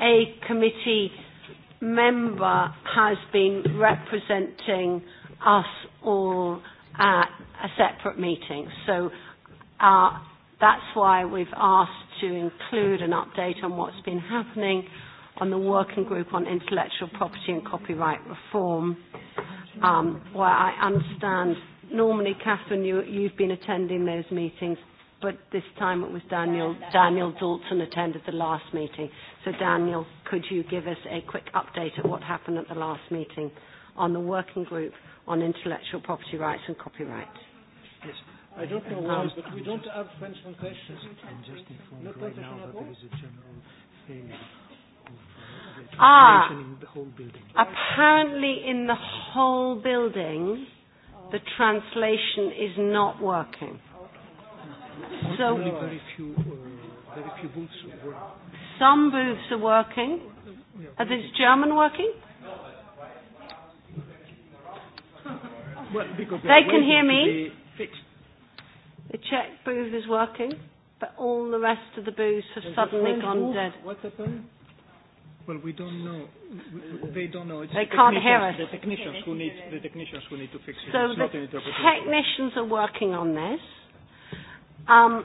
a committee member has been representing us all at a separate meeting. So uh, that's why we've asked to include an update on what's been happening on the working group on intellectual property and copyright reform, um, where I understand normally, Catherine, you, you've been attending those meetings, but this time it was Daniel, Daniel Dalton attended the last meeting. So Daniel, could you give us a quick update of what happened at the last meeting on the working group on intellectual property rights and copyright? Yes. I don't know why, but we don't have French translations. I'm just informed no right now that there is a general failure of uh, ah, in the whole building. Apparently in the whole building, the translation is not working. So, Only very few, uh, very few booths were Some booths are working. Are these German working? Well, they can hear me. The Czech booth is working, but all the rest of the booths have is suddenly gone booth. dead. What happened? Well, we don't know. We, they don't know. It's they the can't hear us. The technicians who need the technicians who need to fix it. So it's the technicians are working on this. Um,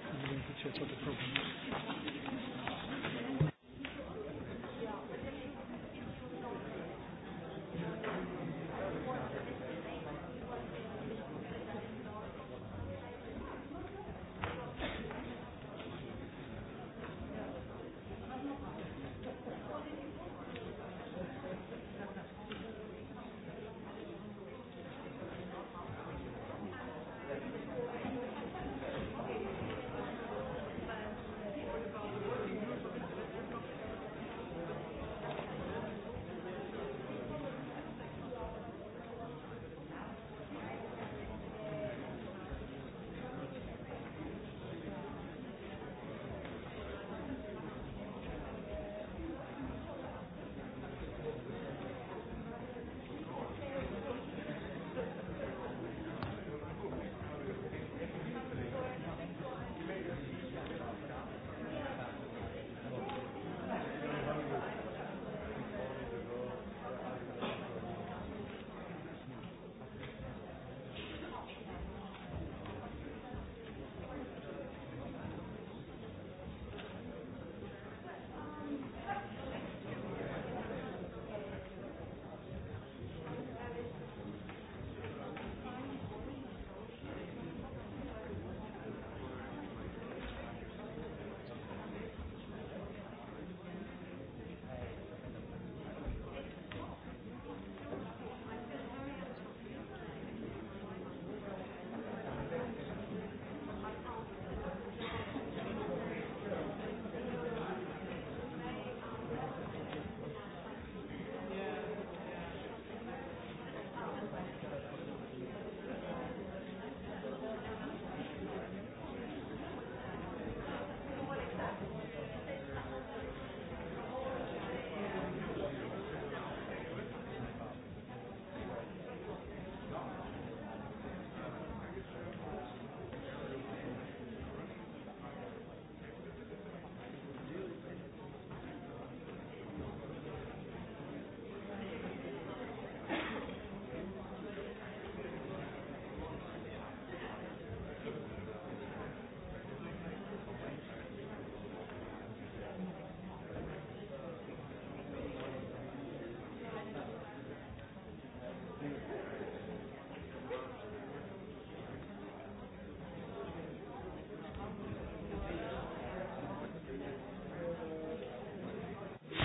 for the problem.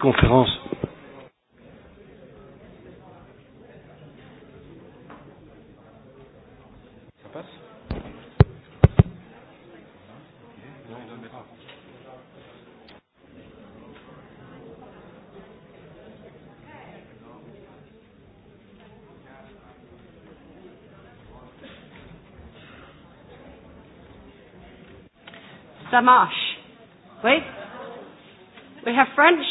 conférence. Samash. Wait. We have French.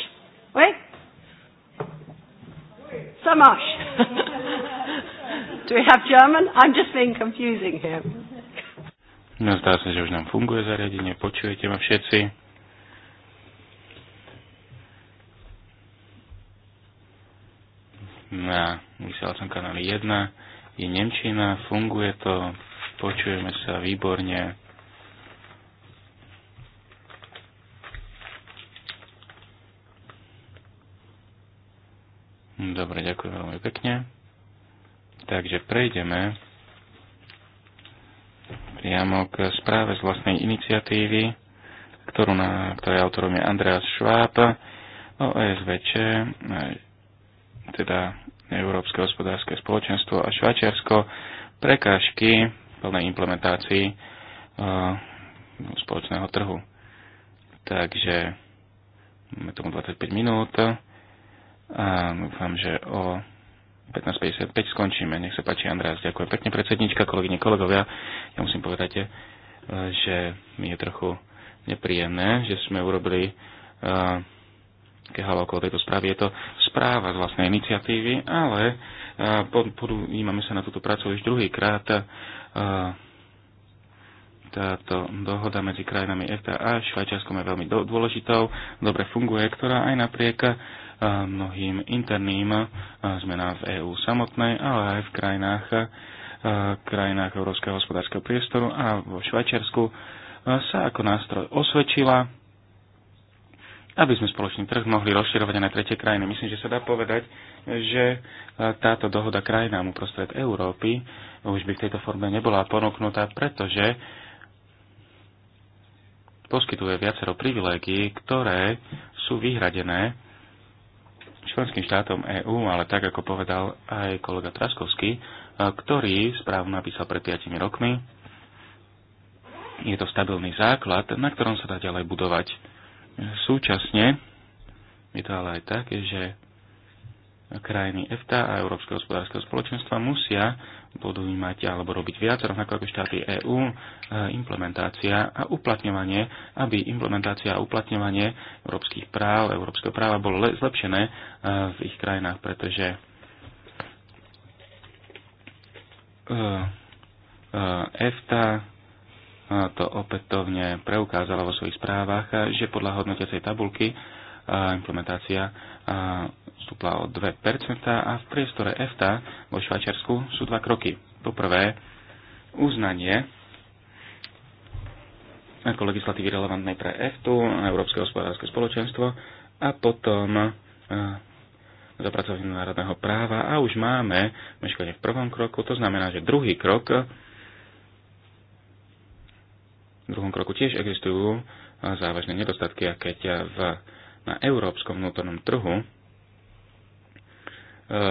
so much. Do we have German? I'm just being confusing here. No, zdá sa, že už nám funguje zariadenie, počujete ma všetci. Na vysielacom kanáli 1 je Nemčina, funguje to, počujeme sa výborne. prejdeme priamo k správe z vlastnej iniciatívy, ktorú na, ktoré autorom je Andreas Schwab o ESVČ, e, teda Európske hospodárske spoločenstvo a Švačiarsko, prekážky plnej implementácii e, spoločného trhu. Takže máme tomu 25 minút a dúfam, že o 15.55 skončíme. Nech sa páči, András, ďakujem pekne, predsednička, kolegyne, kolegovia. Ja musím povedať, eh, že mi je trochu nepríjemné, že sme urobili uh, eh, kehalo okolo tejto správy. Je to správa z vlastnej iniciatívy, ale uh, sa na túto prácu už druhýkrát. Uh, táto dohoda medzi krajinami EFTA a Švajčiarskom je veľmi do, dôležitou, dobre funguje, ktorá aj napriek mnohým interným zmenám v EÚ samotnej, ale aj v krajinách, krajinách Európskeho hospodárskeho priestoru a vo Švajčiarsku sa ako nástroj osvedčila, aby sme spoločný trh mohli rozširovať aj na tretie krajiny. Myslím, že sa dá povedať, že táto dohoda krajinám uprostred Európy už by v tejto forme nebola ponúknutá, pretože poskytuje viacero privilégií, ktoré sú vyhradené členským štátom EÚ, ale tak, ako povedal aj kolega Traskovský, e, ktorý správu napísal pred 5 rokmi, je to stabilný základ, na ktorom sa dá ďalej budovať. Súčasne je to ale aj tak, že krajiny EFTA a Európskeho hospodárskeho spoločenstva musia budú mať alebo robiť viac, rovnako ako štáty EÚ, e, implementácia a uplatňovanie, aby implementácia a uplatňovanie európskych práv, európskeho práva bolo zlepšené e, v ich krajinách, pretože e, EFTA to opätovne preukázala vo svojich správach, že podľa hodnotiacej tabulky implementácia stúpla o 2% a v priestore EFTA vo Švajčiarsku sú dva kroky. Poprvé, uznanie ako legislatívy relevantnej pre EFTU, Európske hospodárske spoločenstvo, a potom eh, zapracovanie národného práva a už máme meškanie v prvom kroku, to znamená, že druhý krok, v druhom kroku tiež existujú závažné nedostatky a keď v, na európskom vnútornom trhu E,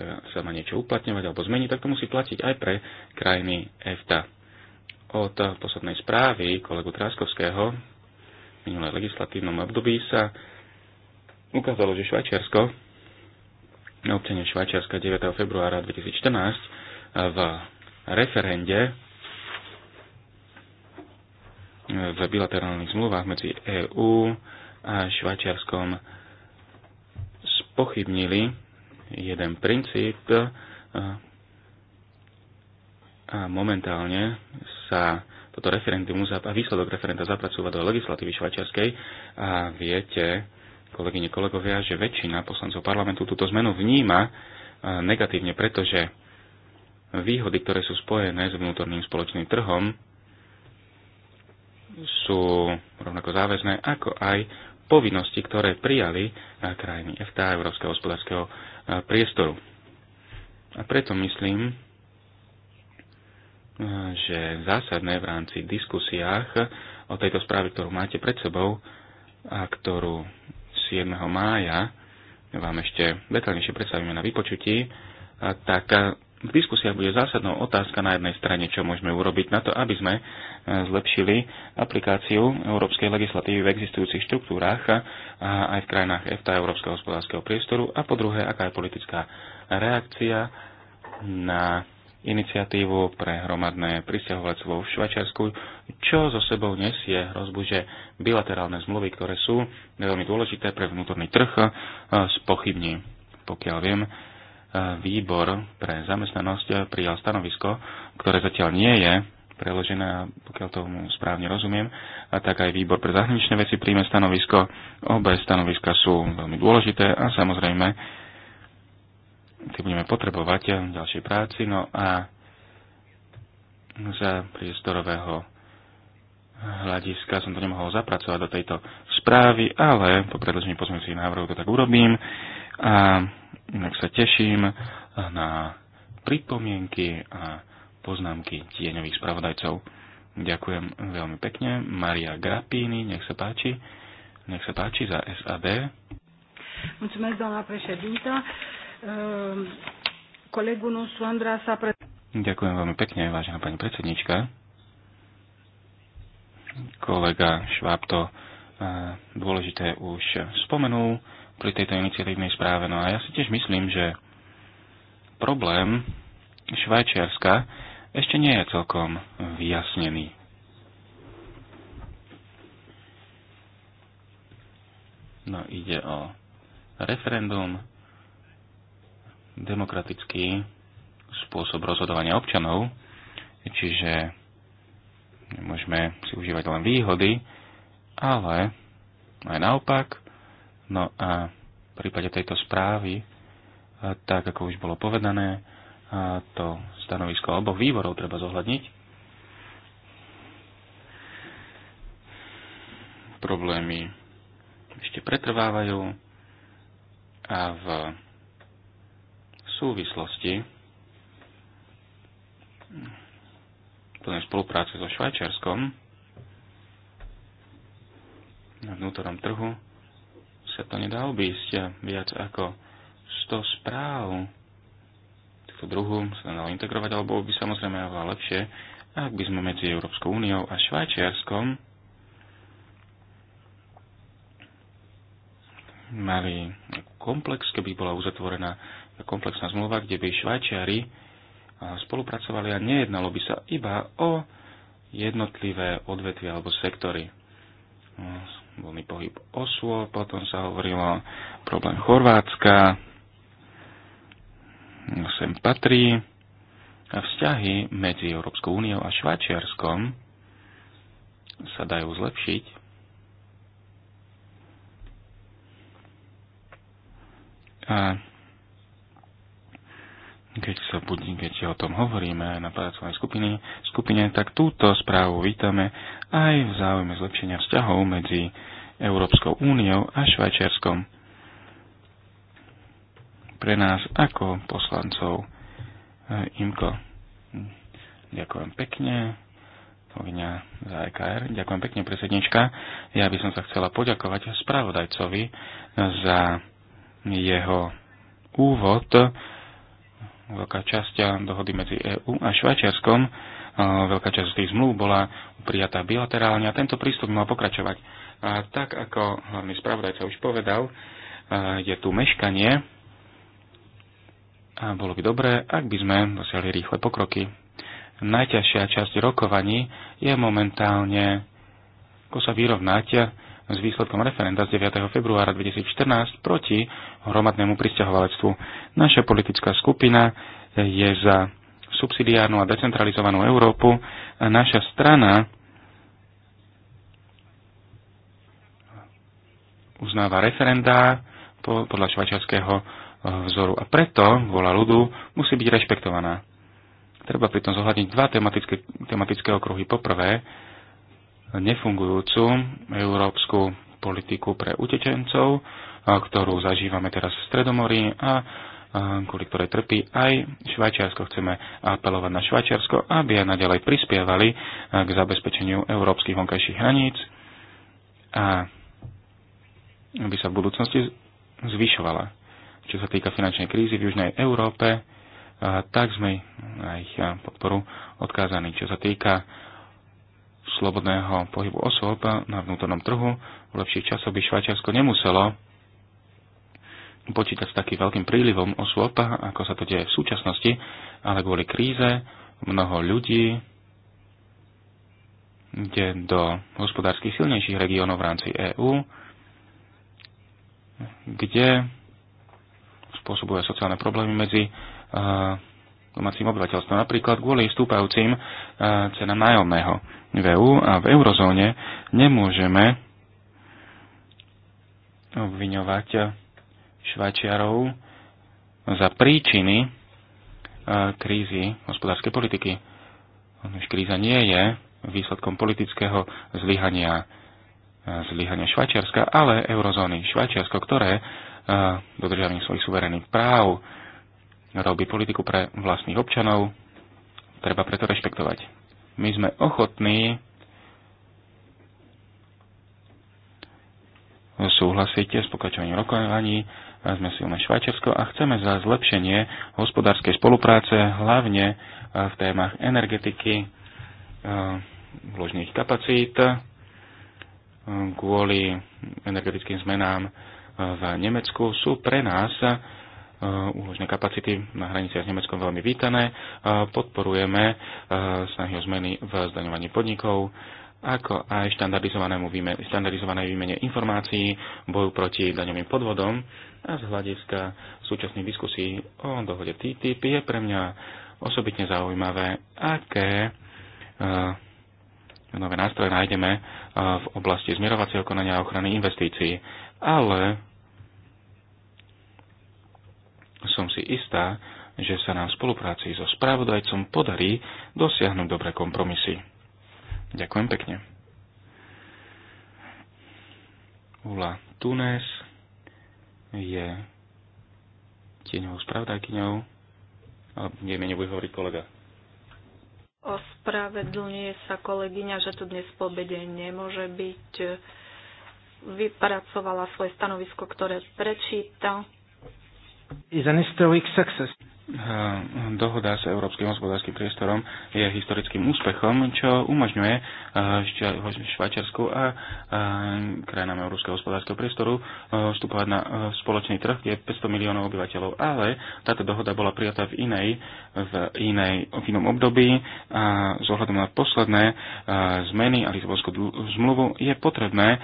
e, sa má niečo uplatňovať alebo zmeniť, tak to musí platiť aj pre krajiny EFTA. Od poslednej správy kolegu Tráskovského v minulé legislatívnom období sa ukázalo, že Švajčiarsko, občania Švajčiarska 9. februára 2014 v referende v bilaterálnych zmluvách medzi EÚ a Švajčiarskom spochybnili jeden princíp eh, a momentálne sa toto referendum a výsledok referenda zapracúva do legislatívy švajčiarskej a viete, kolegyne, kolegovia, že väčšina poslancov parlamentu túto zmenu vníma eh, negatívne, pretože výhody, ktoré sú spojené s vnútorným spoločným trhom, sú rovnako záväzné ako aj povinnosti, ktoré prijali eh, krajiny EFTA Európskeho hospodárskeho eh, priestoru. A preto myslím, eh, že zásadné v rámci diskusiách o tejto správe, ktorú máte pred sebou a ktorú 7. mája vám ešte detaľnejšie predstavíme na vypočutí, tak v diskusiách bude zásadnou otázka na jednej strane, čo môžeme urobiť na to, aby sme e, zlepšili aplikáciu európskej legislatívy v existujúcich štruktúrách a aj v krajinách EFTA Európskeho hospodárskeho priestoru a po druhé, aká je politická reakcia na iniciatívu pre hromadné pristahovalectvo v Švajčiarsku, čo so sebou nesie hrozbu, že bilaterálne zmluvy, ktoré sú veľmi dôležité pre vnútorný trh, spochybní. E, pokiaľ viem, výbor pre zamestnanosť prijal stanovisko, ktoré zatiaľ nie je preložené, pokiaľ tomu správne rozumiem, a tak aj výbor pre zahraničné veci príjme stanovisko. Obe stanoviska sú veľmi dôležité a samozrejme si budeme potrebovať ďalšej práci. No a za priestorového hľadiska som to nemohol zapracovať do tejto správy, ale po predložení pozmeňujúcich návrhov to tak urobím. A Inak sa teším na pripomienky a poznámky tieňových spravodajcov. Ďakujem veľmi pekne. Maria Grappini, nech sa páči. Nech sa páči za SAD. Mulțumesc, doamna președintă. Ehm, colegul nostru, Andra, s-a Ďakujem veľmi pekne, vážená pani predsednička. Kolega Šváb to eh, dôležité už spomenul pri tejto iniciatívnej správe. No a ja si tiež myslím, že problém Švajčiarska ešte nie je celkom vyjasnený. No ide o referendum, demokratický spôsob rozhodovania občanov, čiže nemôžeme si užívať len výhody, ale aj naopak No a v prípade tejto správy, e, tak ako už bolo povedané, e, to stanovisko oboch výborov treba zohľadniť. Problémy ešte pretrvávajú a v súvislosti plné spolupráce so Švajčiarskom na vnútornom trhu sa to nedá obísť. Viac ako 100 správ tohto druhu sa dalo integrovať, alebo by samozrejme bolo lepšie, ak by sme medzi Európskou úniou a Švajčiarskom mali komplex, keby bola uzatvorená komplexná zmluva, kde by Švajčiari spolupracovali a nejednalo by sa iba o jednotlivé odvetvy alebo sektory no, voľný pohyb osô, potom sa hovorilo problém Chorvátska, sem patrí a vzťahy medzi Európskou úniou a Švajčiarskom sa dajú zlepšiť. A keď, sa budí, keď o tom hovoríme na pracovnej skupine, skupine, tak túto správu vítame aj v záujme zlepšenia vzťahov medzi Európskou úniou a Švajčiarskom. Pre nás ako poslancov e, IMKO. Ďakujem pekne, kolegyňa za EKR. Ďakujem pekne, predsednička. Ja by som sa chcela poďakovať spravodajcovi za jeho úvod veľká časť dohody medzi EÚ a Švajčiarskom, veľká časť tých zmluv bola prijatá bilaterálne a tento prístup mal pokračovať. A tak ako hlavný spravodajca už povedal, je tu meškanie a bolo by dobré, ak by sme dosiahli rýchle pokroky. Najťažšia časť rokovaní je momentálne, ako sa vyrovnáte, s výsledkom referenda z 9. februára 2014 proti hromadnému pristahovalectvu. Naša politická skupina je za subsidiárnu a decentralizovanú Európu a naša strana uznáva referendá podľa švajčiarského e, vzoru a preto vola ľudu musí byť rešpektovaná. Treba pritom zohľadniť dva tematické, tematické okruhy. Poprvé, nefungujúcu európsku politiku pre utečencov, ktorú zažívame teraz v Stredomorí a kvôli ktorej trpí aj Švajčiarsko. Chceme apelovať na Švajčiarsko, aby aj naďalej prispievali k zabezpečeniu európskych vonkajších hraníc a aby sa v budúcnosti zvyšovala. Čo sa týka finančnej krízy v Južnej Európe, tak sme na ich podporu odkázaní. Čo sa týka slobodného pohybu osôb na vnútornom trhu. V lepších časoch by Švajčiarsko nemuselo počítať s takým veľkým prílivom osôb, ako sa to deje v súčasnosti, ale kvôli kríze mnoho ľudí ide do hospodársky silnejších regiónov v rámci EÚ, kde spôsobuje sociálne problémy medzi uh, domácim obyvateľstvom. Napríklad kvôli stúpajúcim e, cenám nájomného v EU a v eurozóne nemôžeme obviňovať Švajčiarov za príčiny e, krízy hospodárskej politiky. Už kríza nie je výsledkom politického zlyhania, e, zlyhania Švajčiarska, ale eurozóny Švajčiarsko, ktoré dodržiavajú svojich suverénnych práv robí politiku pre vlastných občanov, treba preto rešpektovať. My sme ochotní súhlasíte, s pokračovaním rokovaní, sme silné Švajčiarsko a chceme za zlepšenie hospodárskej spolupráce, hlavne eh, v témach energetiky, eh, vložných kapacít, eh, kvôli energetickým zmenám v Nemecku sú pre nás Eh, úložné kapacity na hraniciach s Nemeckom veľmi vítané. Eh, podporujeme eh, snahy o zmeny v zdaňovaní podnikov, ako aj štandardizovanému štandardizované výmene informácií, boju proti daňovým podvodom a z hľadiska súčasných diskusí o dohode TTIP je pre mňa osobitne zaujímavé, aké nové nástroje nájdeme v oblasti zmierovacieho konania a ochrany investícií. Ale som si istá, že sa nám v spolupráci so správodajcom podarí dosiahnuť dobré kompromisy. Ďakujem pekne. Ula Tunes je tieňovou spravodajkyňou. Nie, mi nebude hovoriť kolega. Ospravedlňuje sa kolegyňa, že tu dnes po obede nemôže byť. Vypracovala svoje stanovisko, ktoré prečíta is an historic success. Ehm, dohoda s Európskym hospodárskym priestorom je historickým úspechom, čo umožňuje eh, Švajčiarsku a eh, krajinám Európskeho hospodárskeho priestoru eh, vstupovať na spoločný trh, kde je 500 miliónov obyvateľov, ale táto dohoda bola prijatá v inej, v, inej, v inom období a z ohľadom na posledné zmeny a Lisabonskú zmluvu je potrebné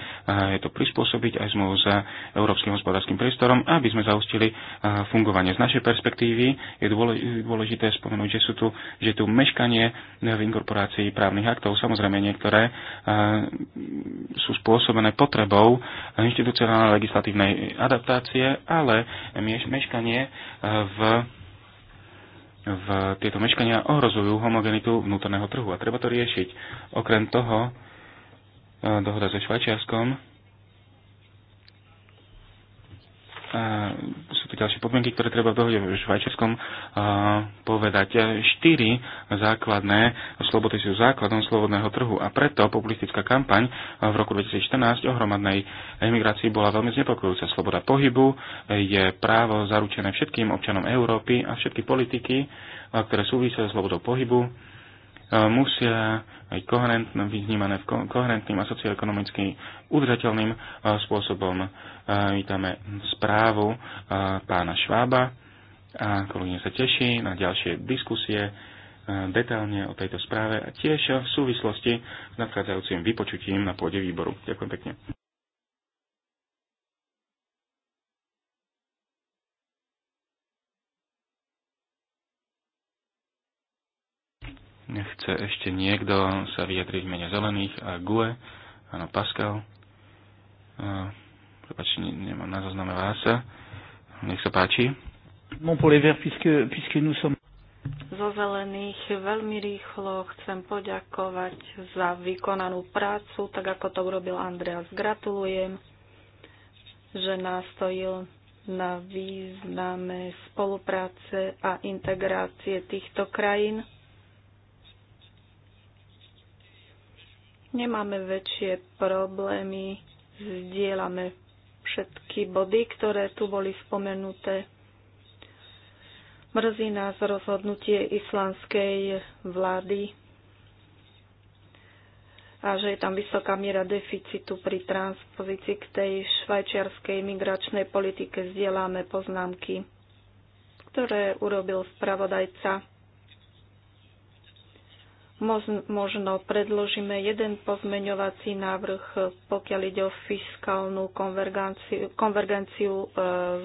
je to prispôsobiť aj zmluvu s Európskym hospodárskym priestorom, aby sme zaustili fungovanie z našej perspektívy je dôležité spomenúť, že sú tu, že tu meškanie v inkorporácii právnych aktov. Samozrejme, niektoré eh, sú spôsobené potrebou inštitucionálnej legislatívnej adaptácie, ale meškanie eh, v v tieto meškania ohrozujú homogenitu vnútorného trhu a treba to riešiť. Okrem toho, eh, dohoda so Švajčiarskom sú to ďalšie podmienky, ktoré treba v dohode v Švajčiarskom povedať. Štyri základné slobody sú základom slobodného trhu a preto populistická kampaň v roku 2014 o hromadnej emigrácii bola veľmi znepokojúca. Sloboda pohybu je právo zaručené všetkým občanom Európy a všetky politiky, ktoré súvisia s slobodou pohybu, musia aj koherentné, vnímané v koherentným a socioekonomicky udržateľným spôsobom. Vítame správu pána Švába a kolegyne sa teší na ďalšie diskusie detálne o tejto správe a tiež v súvislosti s nadchádzajúcim vypočutím na pôde výboru. Ďakujem pekne. Chce ešte niekto sa vyjadriť v mene zelených a GUE? Áno, Pascal. Uh, Prepačte, nemám na zozname vás. Nech sa páči. Mon polever, puisque, puisque nous som... zo zelených veľmi rýchlo chcem poďakovať za vykonanú prácu, tak ako to urobil Andreas. Gratulujem, že nastojil na význame spolupráce a integrácie týchto krajín nemáme väčšie problémy, zdieľame všetky body, ktoré tu boli spomenuté. Mrzí nás rozhodnutie islandskej vlády a že je tam vysoká miera deficitu pri transpozícii k tej švajčiarskej migračnej politike. Zdieľame poznámky, ktoré urobil spravodajca možno predložíme jeden pozmeňovací návrh, pokiaľ ide o fiskálnu konvergenciu, konvergenciu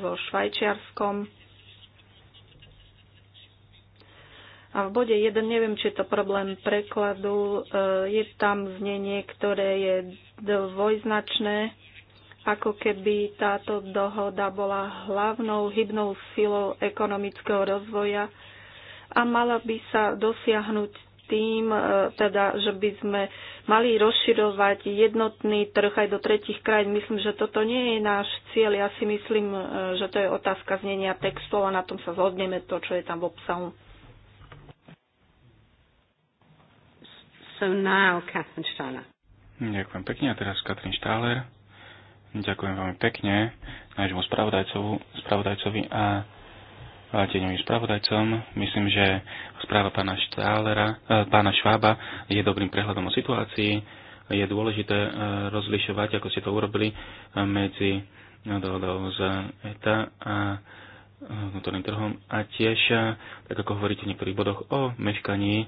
so Švajčiarskom. A v bode 1, neviem, či je to problém prekladu, e, je tam znenie, ktoré je dvojznačné, ako keby táto dohoda bola hlavnou hybnou silou ekonomického rozvoja a mala by sa dosiahnuť tým, e, teda, že by sme mali rozširovať jednotný trh aj do tretich krajín. Myslím, že toto nie je náš cieľ. Ja si myslím, e, že to je otázka znenia textov a na tom sa zhodneme to, čo je tam v obsahu. So now, Ďakujem pekne. A teraz Katrin Štáler. Ďakujem veľmi pekne nášmu spravodajcovi a tieňovým spravodajcom. Myslím, že správa pána, Štálera, eh, pána Švába je dobrým prehľadom o situácii. Je dôležité eh, rozlišovať, ako ste to urobili, eh, medzi dohodou z ETA a vnútorným trhom a tiež, tak ako hovoríte v niektorých bodoch, o meškaní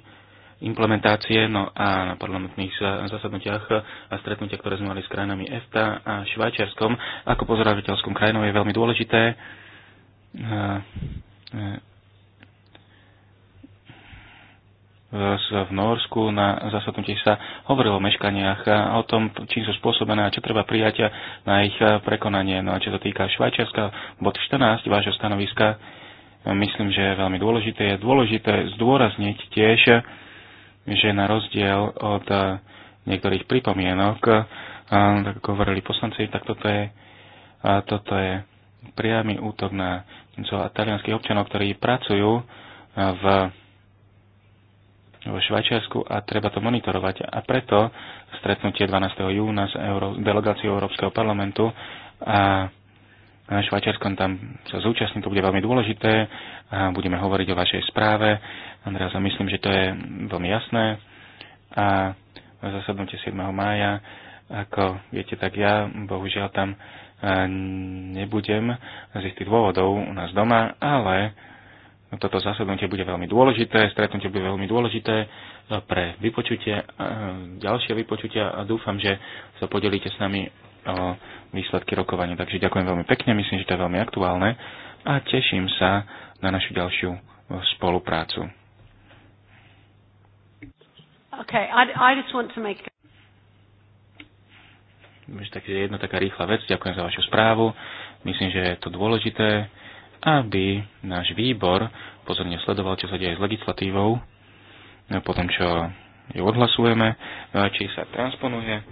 implementácie, no a na parlamentných zasadnutiach a stretnutiach, ktoré sme mali s krajinami EFTA a Švajčiarskom, ako pozorovateľskom krajinou je veľmi dôležité E, v Norsku na zasadnutí sa hovorilo o meškaniach a o tom, čím sú spôsobené a čo treba prijať na ich prekonanie. No a čo sa týka Švajčiarska, bod 14 vášho stanoviska, myslím, že je veľmi dôležité. Je dôležité zdôrazniť tiež, že na rozdiel od niektorých pripomienok, tak ako hovorili poslanci, tak toto je, toto je priamy útok na so talianských občanov, ktorí pracujú eh, v, v Švajčiarsku a treba to monitorovať. A preto stretnutie 12. júna s Euró- delegáciou Európskeho parlamentu a na Švajčiarskom tam sa zúčastní, to bude veľmi dôležité. A budeme hovoriť o vašej správe. Andrea, myslím, že to je veľmi jasné. A zasadnutie 7. mája, ako viete, tak ja bohužiaľ tam nebudem z istých dôvodov u nás doma, ale toto zasadnutie bude veľmi dôležité, stretnutie bude veľmi dôležité pre vypočutie, ďalšie vypočutia a dúfam, že sa podelíte s nami o výsledky rokovania. Takže ďakujem veľmi pekne, myslím, že to je veľmi aktuálne a teším sa na našu ďalšiu spoluprácu. Okay, I, I just want to make že tak je jedna taká rýchla vec. Ďakujem za vašu správu. Myslím, že je to dôležité, aby náš výbor pozorne sledoval, čo sa deje s legislatívou, no po tom, čo ju odhlasujeme, no či sa transponuje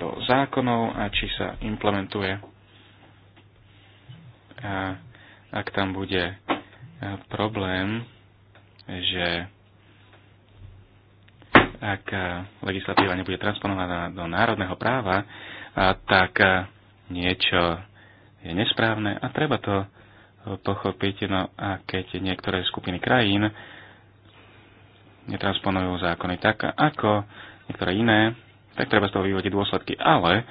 do zákonov a či sa implementuje. A ak tam bude e, problém, že ak e, legislatíva nebude transponovaná do národného práva, a tak e, niečo je nesprávne a treba to e, pochopiť. No a keď niektoré skupiny krajín netransponujú zákony tak, ako niektoré iné, tak treba z toho vyvodiť dôsledky. Ale e,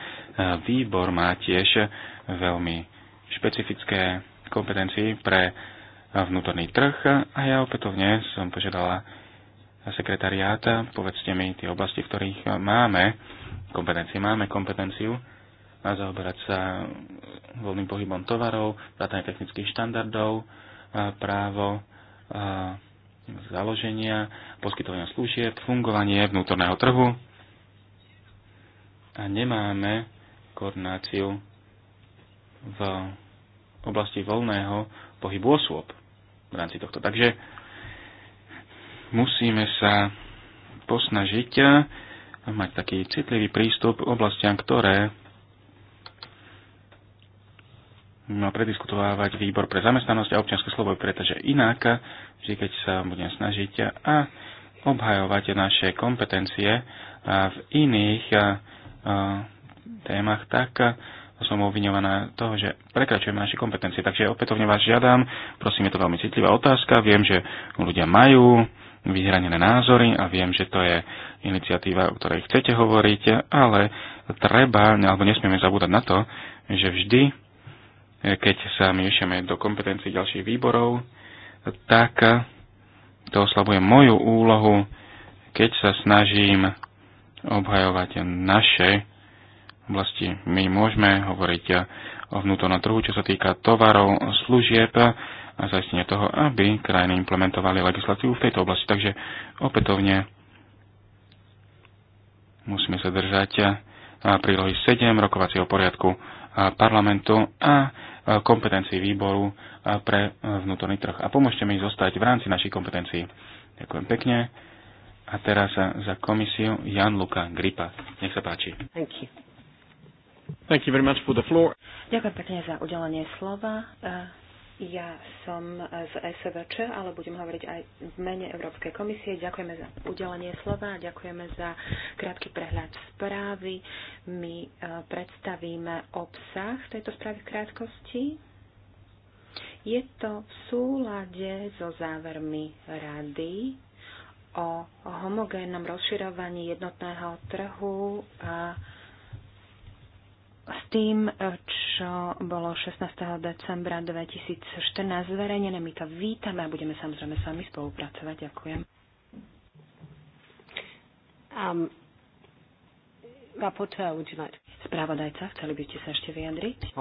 výbor má tiež veľmi špecifické kompetencii pre vnútorný trh a ja opätovne som požiadala sekretariáta, povedzte mi tie oblasti, v ktorých máme kompetencie. Máme kompetenciu a zaoberať sa voľným pohybom tovarov, vrátane technických štandardov, právo založenia, poskytovania služieb, fungovanie vnútorného trhu a nemáme koordináciu v oblasti voľného pohybu osôb v rámci tohto. Takže musíme sa posnažiť mať taký citlivý prístup oblastiam, ktoré mal prediskutovávať výbor pre zamestnanosť a občianske slovo, pretože inak, že keď sa budem snažiť a obhajovať naše kompetencie a v iných témach, tak som obviňovaná toho, že prekračujem naše kompetencie. Takže opätovne vás žiadam, prosím, je to veľmi citlivá otázka, viem, že ľudia majú vyhranené názory a viem, že to je iniciatíva, o ktorej chcete hovoriť, ale treba, alebo nesmieme zabúdať na to, že vždy, keď sa miešame do kompetencií ďalších výborov, tak to oslabuje moju úlohu, keď sa snažím obhajovať naše oblasti. My môžeme hovoriť o vnútornom trhu, čo sa týka tovarov, služieb, a zaistenie toho, aby krajiny implementovali legislatívu v tejto oblasti. Takže opätovne musíme sa držať eh, prílohy 7 rokovacieho poriadku eh, parlamentu a eh, kompetencií výboru pre vnútorný trh. A pomôžte mi zostať v rámci našich kompetencií. Ďakujem pekne. A teraz za komisiu Jan Luka Gripa. Nech sa páči. Thank you. Thank you very much for the floor. Ďakujem pekne za udelenie slova. Ja som z SVČ, ale budem hovoriť aj v mene Európskej komisie. Ďakujeme za udelenie slova, ďakujeme za krátky prehľad správy. My e, predstavíme obsah tejto správy v krátkosti. Je to v súlade so závermi rady o homogénnom rozširovaní jednotného trhu a s tým, čo bolo 16. decembra 2014 zverejnené. My to vítame a budeme samozrejme s vami spolupracovať. Ďakujem. Um, rapporteur, would you like to... Spravodajca, chceli by ste sa ešte vyjadriť?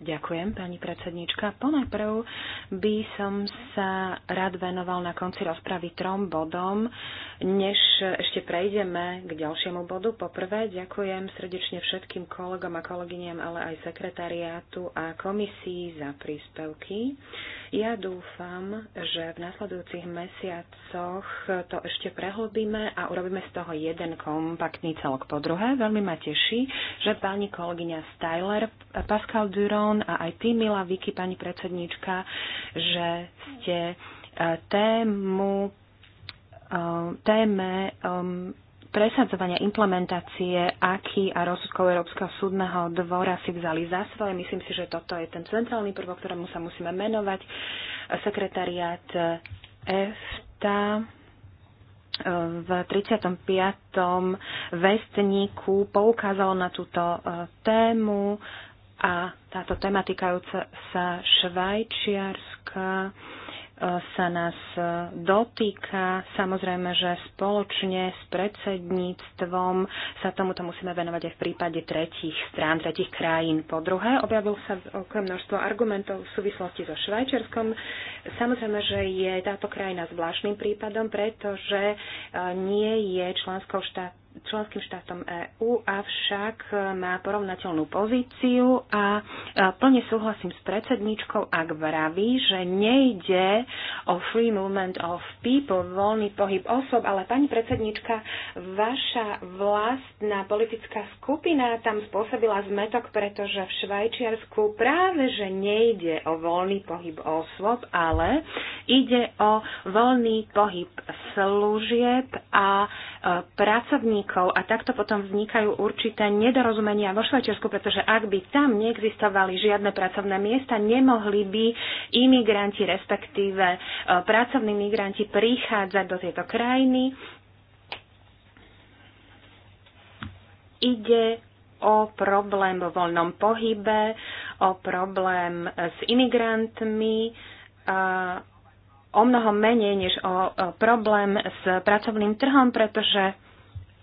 Ďakujem, pani predsednička. Ponajprv by som sa rád venoval na konci rozpravy trom bodom, než ešte prejdeme k ďalšiemu bodu. Poprvé, ďakujem srdečne všetkým kolegom a kolegyniam, ale aj sekretariátu a komisii za príspevky. Ja dúfam, že v nasledujúcich mesiacoch to ešte prehlbíme a urobíme z toho jeden kompaktný celok. Po druhé, veľmi ma teší, že páni kolegyňa Styler, Pascal Duron a aj ty, milá Vicky, pani predsedníčka, že ste e, tému, e, téme e, presadzovania implementácie AKI a rozsudkov Európskeho súdneho dvora si vzali za svoje. Myslím si, že toto je ten centrálny prvok, ktorému sa musíme menovať. Sekretariat EFTA v 35. vestníku poukázal na túto e, tému a táto tematika sa Švajčiarska sa nás e, dotýka. Samozrejme, že spoločne s predsedníctvom sa tomuto musíme venovať aj v prípade tretích strán, tretích krajín. Po druhé, objavil sa okrem množstvo argumentov v súvislosti so Švajčiarskom. Samozrejme, že je táto krajina zvláštnym prípadom, pretože e, nie je členskou štát, členským štátom EÚ, avšak e, má porovnateľnú pozíciu a e, plne súhlasím s predsedničkou, ak vraví, že nejde o free movement of people, voľný pohyb osob, ale pani predsednička, vaša vlastná politická skupina tam spôsobila zmetok, pretože v Švajčiarsku práve, že nejde o voľný pohyb osôb, ale ide o voľný pohyb služieb a e, pracovní právnikov a takto potom vznikajú určité nedorozumenia vo Švajčiarsku, pretože ak by tam neexistovali žiadne pracovné miesta, nemohli by imigranti, respektíve e, pracovní migranti prichádzať do tejto krajiny. Ide o problém vo voľnom pohybe, o problém s imigrantmi, o mnoho menej než o problém s pracovným trhom, pretože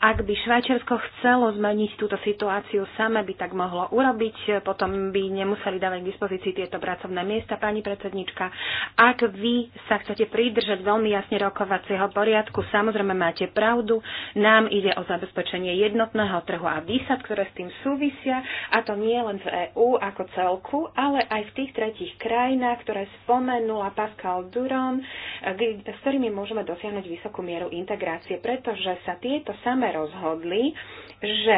ak by Švajčiarsko chcelo zmeniť túto situáciu, same by tak mohlo urobiť, potom by nemuseli dávať k dispozícii tieto pracovné miesta, pani predsednička. Ak vy sa chcete pridržať veľmi jasne rokovacieho poriadku, samozrejme máte pravdu, nám ide o zabezpečenie jednotného trhu a výsad, ktoré s tým súvisia, a to nie len v EÚ ako celku, ale aj v tých tretich krajinách, ktoré spomenula Pascal Duron, s ktorými môžeme dosiahnuť vysokú mieru integrácie, pretože sa tieto samé rozhodli, že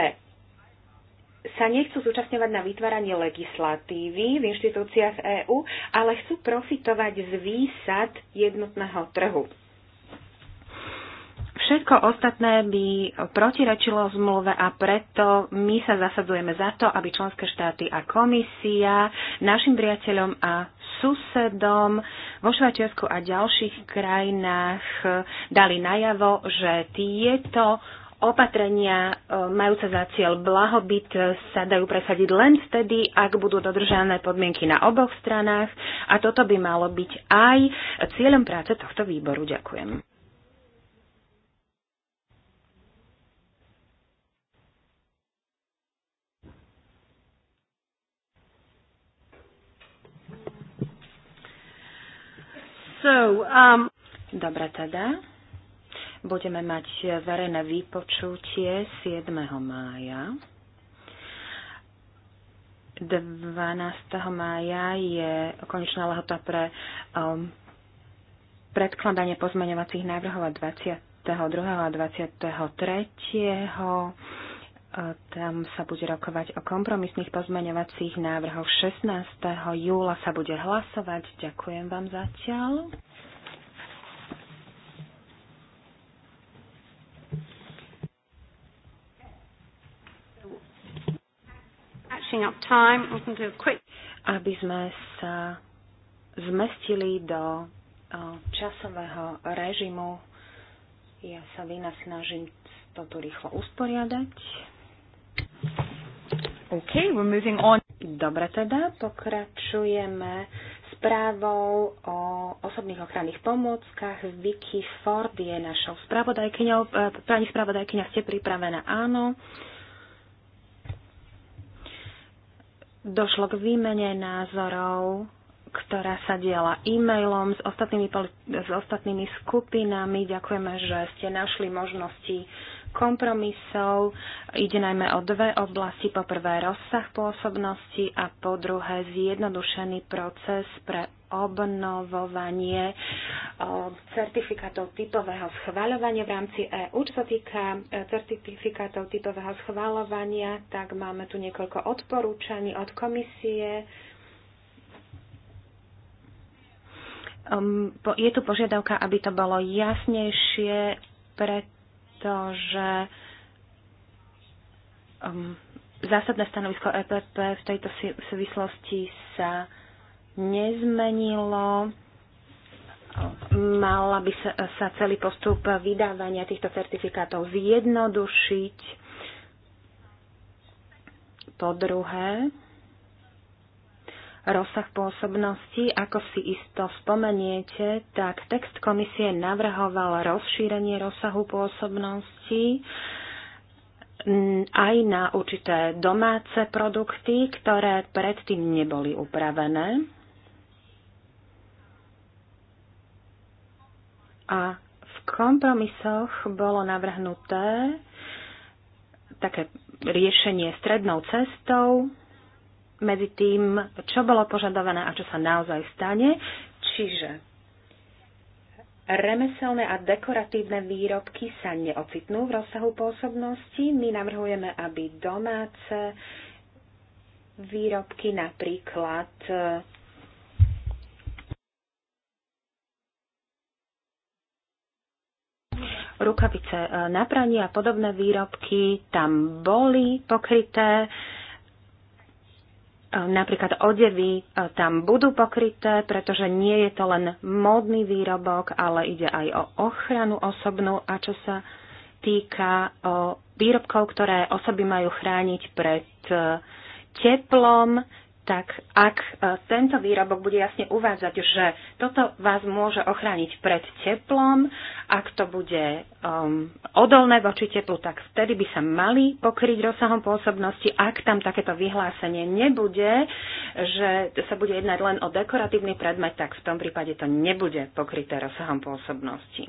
sa nechcú zúčastňovať na vytváranie legislatívy v inštitúciách EÚ, ale chcú profitovať z výsad jednotného trhu. Všetko ostatné by protirečilo zmluve a preto my sa zasadzujeme za to, aby členské štáty a komisia našim priateľom a susedom vo Švajčiarsku a ďalších krajinách dali najavo, že tieto Opatrenia e, majúce za cieľ blahobyt e, sa dajú presadiť len vtedy, ak budú dodržané podmienky na oboch stranách a toto by malo byť aj cieľom práce tohto výboru. Ďakujem. So, um... Dobre teda budeme mať verejné výpočutie 7. mája. 12. mája je konečná lehota pre um, predkladanie pozmeňovacích návrhov a 22. a 23. Tam sa bude rokovať o kompromisných pozmeňovacích návrhoch. 16. júla sa bude hlasovať. Ďakujem vám zatiaľ. up time, we can do a quick... Aby sme sa zmestili do časového režimu, ja sa snažím toto rýchlo usporiadať. OK, we're moving on. Dobre teda, pokračujeme správou o osobných ochranných pomôckach. Vicky Ford je našou spravodajkyňou. E, pani spravodajkyňa, ste pripravená? Áno. došlo k výmene názorov, ktorá sa diela e-mailom s ostatnými, s ostatnými skupinami. Ďakujeme, že ste našli možnosti kompromisov. Ide najmä o dve oblasti. Po prvé rozsah pôsobnosti a po druhé zjednodušený proces pre obnovovanie eh, certifikátov typového schvaľovania v rámci EU. Čo sa týka eh, certifikátov typového schvaľovania, tak máme tu niekoľko odporúčaní od komisie. Um, je tu požiadavka, aby to bolo jasnejšie, pretože um, zásadné stanovisko EPP v tejto súvislosti sa nezmenilo. Mala by sa, sa celý postup vydávania týchto certifikátov zjednodušiť. Po druhé, rozsah pôsobnosti. Ako si isto spomeniete, tak text komisie navrhoval rozšírenie rozsahu pôsobnosti aj na určité domáce produkty, ktoré predtým neboli upravené. A v kompromisoch bolo navrhnuté také riešenie strednou cestou medzi tým, čo bolo požadované a čo sa naozaj stane. Čiže remeselné a dekoratívne výrobky sa neocitnú v rozsahu pôsobnosti. My navrhujeme, aby domáce výrobky, napríklad rukavice e, na pranie a podobné výrobky tam boli pokryté. E, napríklad odevy e, tam budú pokryté, pretože nie je to len módny výrobok, ale ide aj o ochranu osobnú a čo sa týka výrobkov, ktoré osoby majú chrániť pred teplom, tak ak e, tento výrobok bude jasne uvádzať, že toto vás môže ochrániť pred teplom, ak to bude um, odolné voči teplu, tak vtedy by sa mali pokryť rozsahom pôsobnosti, ak tam takéto vyhlásenie nebude, že sa bude jednať len o dekoratívny predmet, tak v tom prípade to nebude pokryté rozsahom pôsobnosti.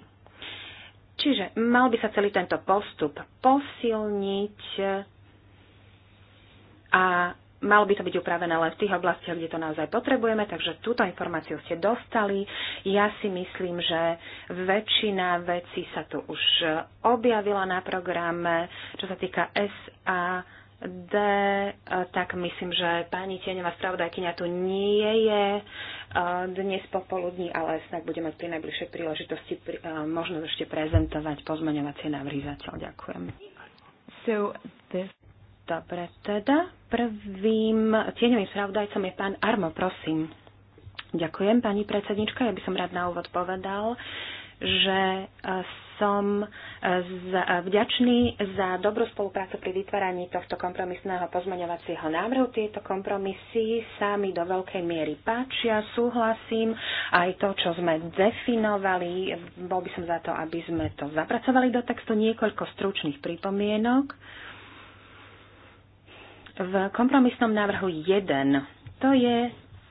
Čiže mal by sa celý tento postup posilniť a malo by to byť upravené len v tých oblastiach, kde to naozaj potrebujeme, takže túto informáciu ste dostali. Ja si myslím, že väčšina vecí sa tu už objavila na programe. Čo sa týka SA, D, tak myslím, že pani Tieňová spravodajkynia tu nie je eh, dnes popoludní, ale snak budeme pri najbližšej príležitosti eh, možnosť ešte prezentovať pozmeňovacie návrhy zatiaľ. Ďakujem. So this... Dobre, teda prvým tieňovým spravodajcom je pán Armo, prosím. Ďakujem, pani predsednička. Ja by som rád na úvod povedal, že e, som e, e, vďačný za dobrú spoluprácu pri vytváraní tohto kompromisného pozmeňovacieho návrhu. Tieto kompromisy sa mi do veľkej miery páčia, súhlasím. Aj to, čo sme definovali, bol by som za to, aby sme to zapracovali do textu. Niekoľko stručných pripomienok v kompromisnom návrhu 1, to je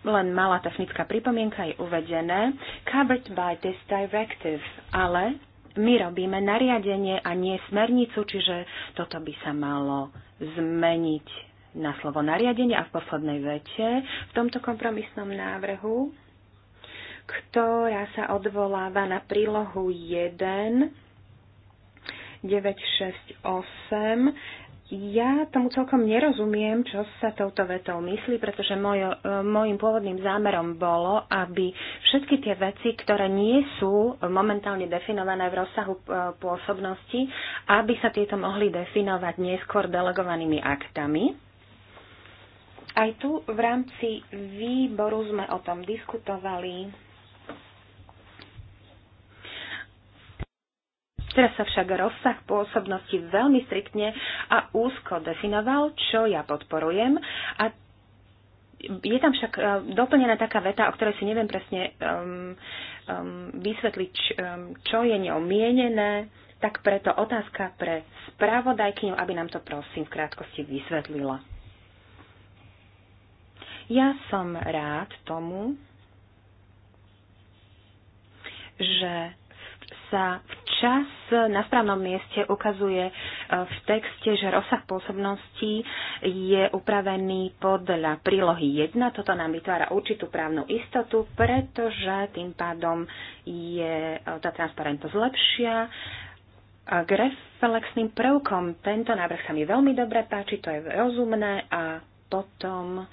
len malá technická pripomienka, je uvedené covered by this directive, ale my robíme nariadenie a nie smernicu, čiže toto by sa malo zmeniť na slovo nariadenie a v poslednej vete v tomto kompromisnom návrhu, ktorá sa odvoláva na prílohu 1 968 ja tomu celkom nerozumiem, čo sa touto vetou myslí, pretože môjim e, pôvodným zámerom bolo, aby všetky tie veci, ktoré nie sú momentálne definované v rozsahu e, pôsobnosti, aby sa tieto mohli definovať neskôr delegovanými aktami. Aj tu v rámci výboru sme o tom diskutovali Teraz sa však rozsah pôsobnosti veľmi striktne a úzko definoval, čo ja podporujem a je tam však eh, doplnená taká veta, o ktorej si neviem presne um, um, vysvetliť, um, čo je ňou mienené, tak preto otázka pre spravodajkyňu, aby nám to prosím v krátkosti vysvetlila. Ja som rád tomu, že sa včas na správnom mieste ukazuje e, v texte, že rozsah pôsobnosti je upravený podľa prílohy 1. Toto nám vytvára určitú právnu istotu, pretože tým pádom je e, tá transparentnosť lepšia. K reflexným prvkom tento návrh sa mi veľmi dobre páči, to je rozumné a potom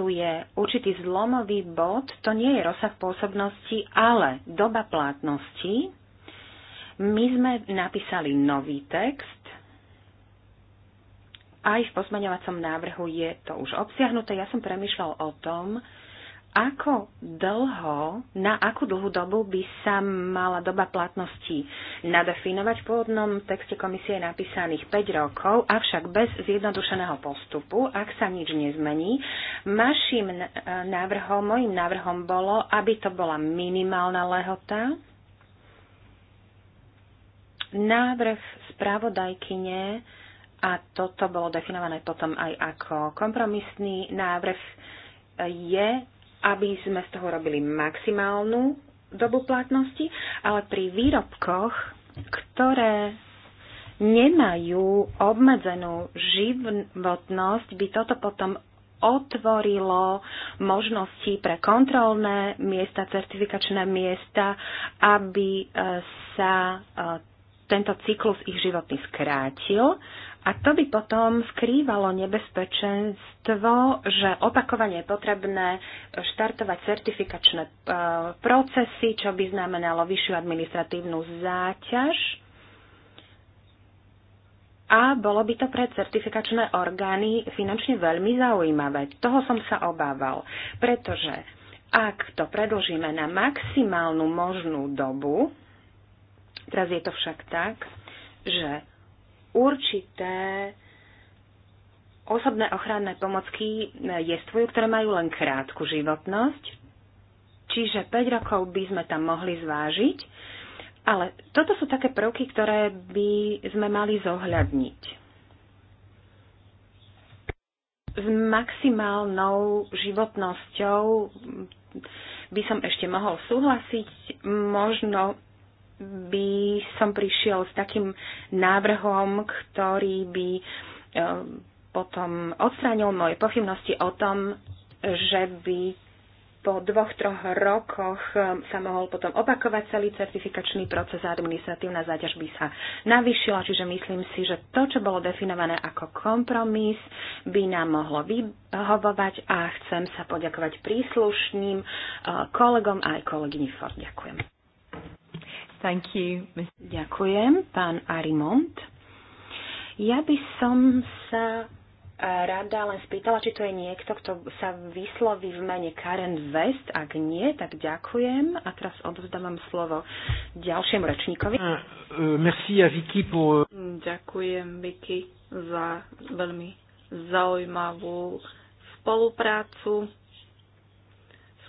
existuje určitý zlomový bod, to nie je rozsah pôsobnosti, ale doba platnosti. My sme napísali nový text, aj v pozmeňovacom návrhu je to už obsiahnuté. Ja som premyšľal o tom, ako dlho, na akú dlhú dobu by sa mala doba platnosti nadefinovať. V pôvodnom texte komisie napísaných 5 rokov, avšak bez zjednodušeného postupu, ak sa nič nezmení. Maším návrhom, mojim návrhom bolo, aby to bola minimálna lehota. Návrh spravodajkyne, a toto bolo definované potom aj ako kompromisný návrh, je aby sme z toho robili maximálnu dobu platnosti, ale pri výrobkoch, ktoré nemajú obmedzenú životnosť, by toto potom otvorilo možnosti pre kontrolné miesta, certifikačné miesta, aby e, sa e, tento cyklus ich životný skrátil a to by potom skrývalo nebezpečenstvo, že opakovane je potrebné štartovať certifikačné e, procesy, čo by znamenalo vyššiu administratívnu záťaž. A bolo by to pre certifikačné orgány finančne veľmi zaujímavé. Toho som sa obával, pretože ak to predlžíme na maximálnu možnú dobu, teraz je to však tak, že určité osobné ochranné pomocky e, jestvujú, ktoré majú len krátku životnosť, čiže 5 rokov by sme tam mohli zvážiť, ale toto sú také prvky, ktoré by sme mali zohľadniť. S maximálnou životnosťou by som ešte mohol súhlasiť, možno by som prišiel s takým návrhom, ktorý by e, potom odstránil moje pochybnosti o tom, že by po dvoch, troch rokoch e, sa mohol potom opakovať celý certifikačný proces a administratívna záťaž by sa navýšila, čiže myslím si, že to, čo bolo definované ako kompromis, by nám mohlo vyhovovať a chcem sa poďakovať príslušným e, kolegom a aj kolegyni Ford. Ďakujem. Thank you. Ďakujem, pán Arimont. Ja by som sa eh, rada len spýtala, či to je niekto, kto sa vysloví v mene Karen West. Ak nie, tak ďakujem. A teraz odovzdávam slovo ďalšiemu rečníkovi. Uh, uh, merci a Vicky po... Mm, ďakujem Vicky za veľmi zaujímavú spoluprácu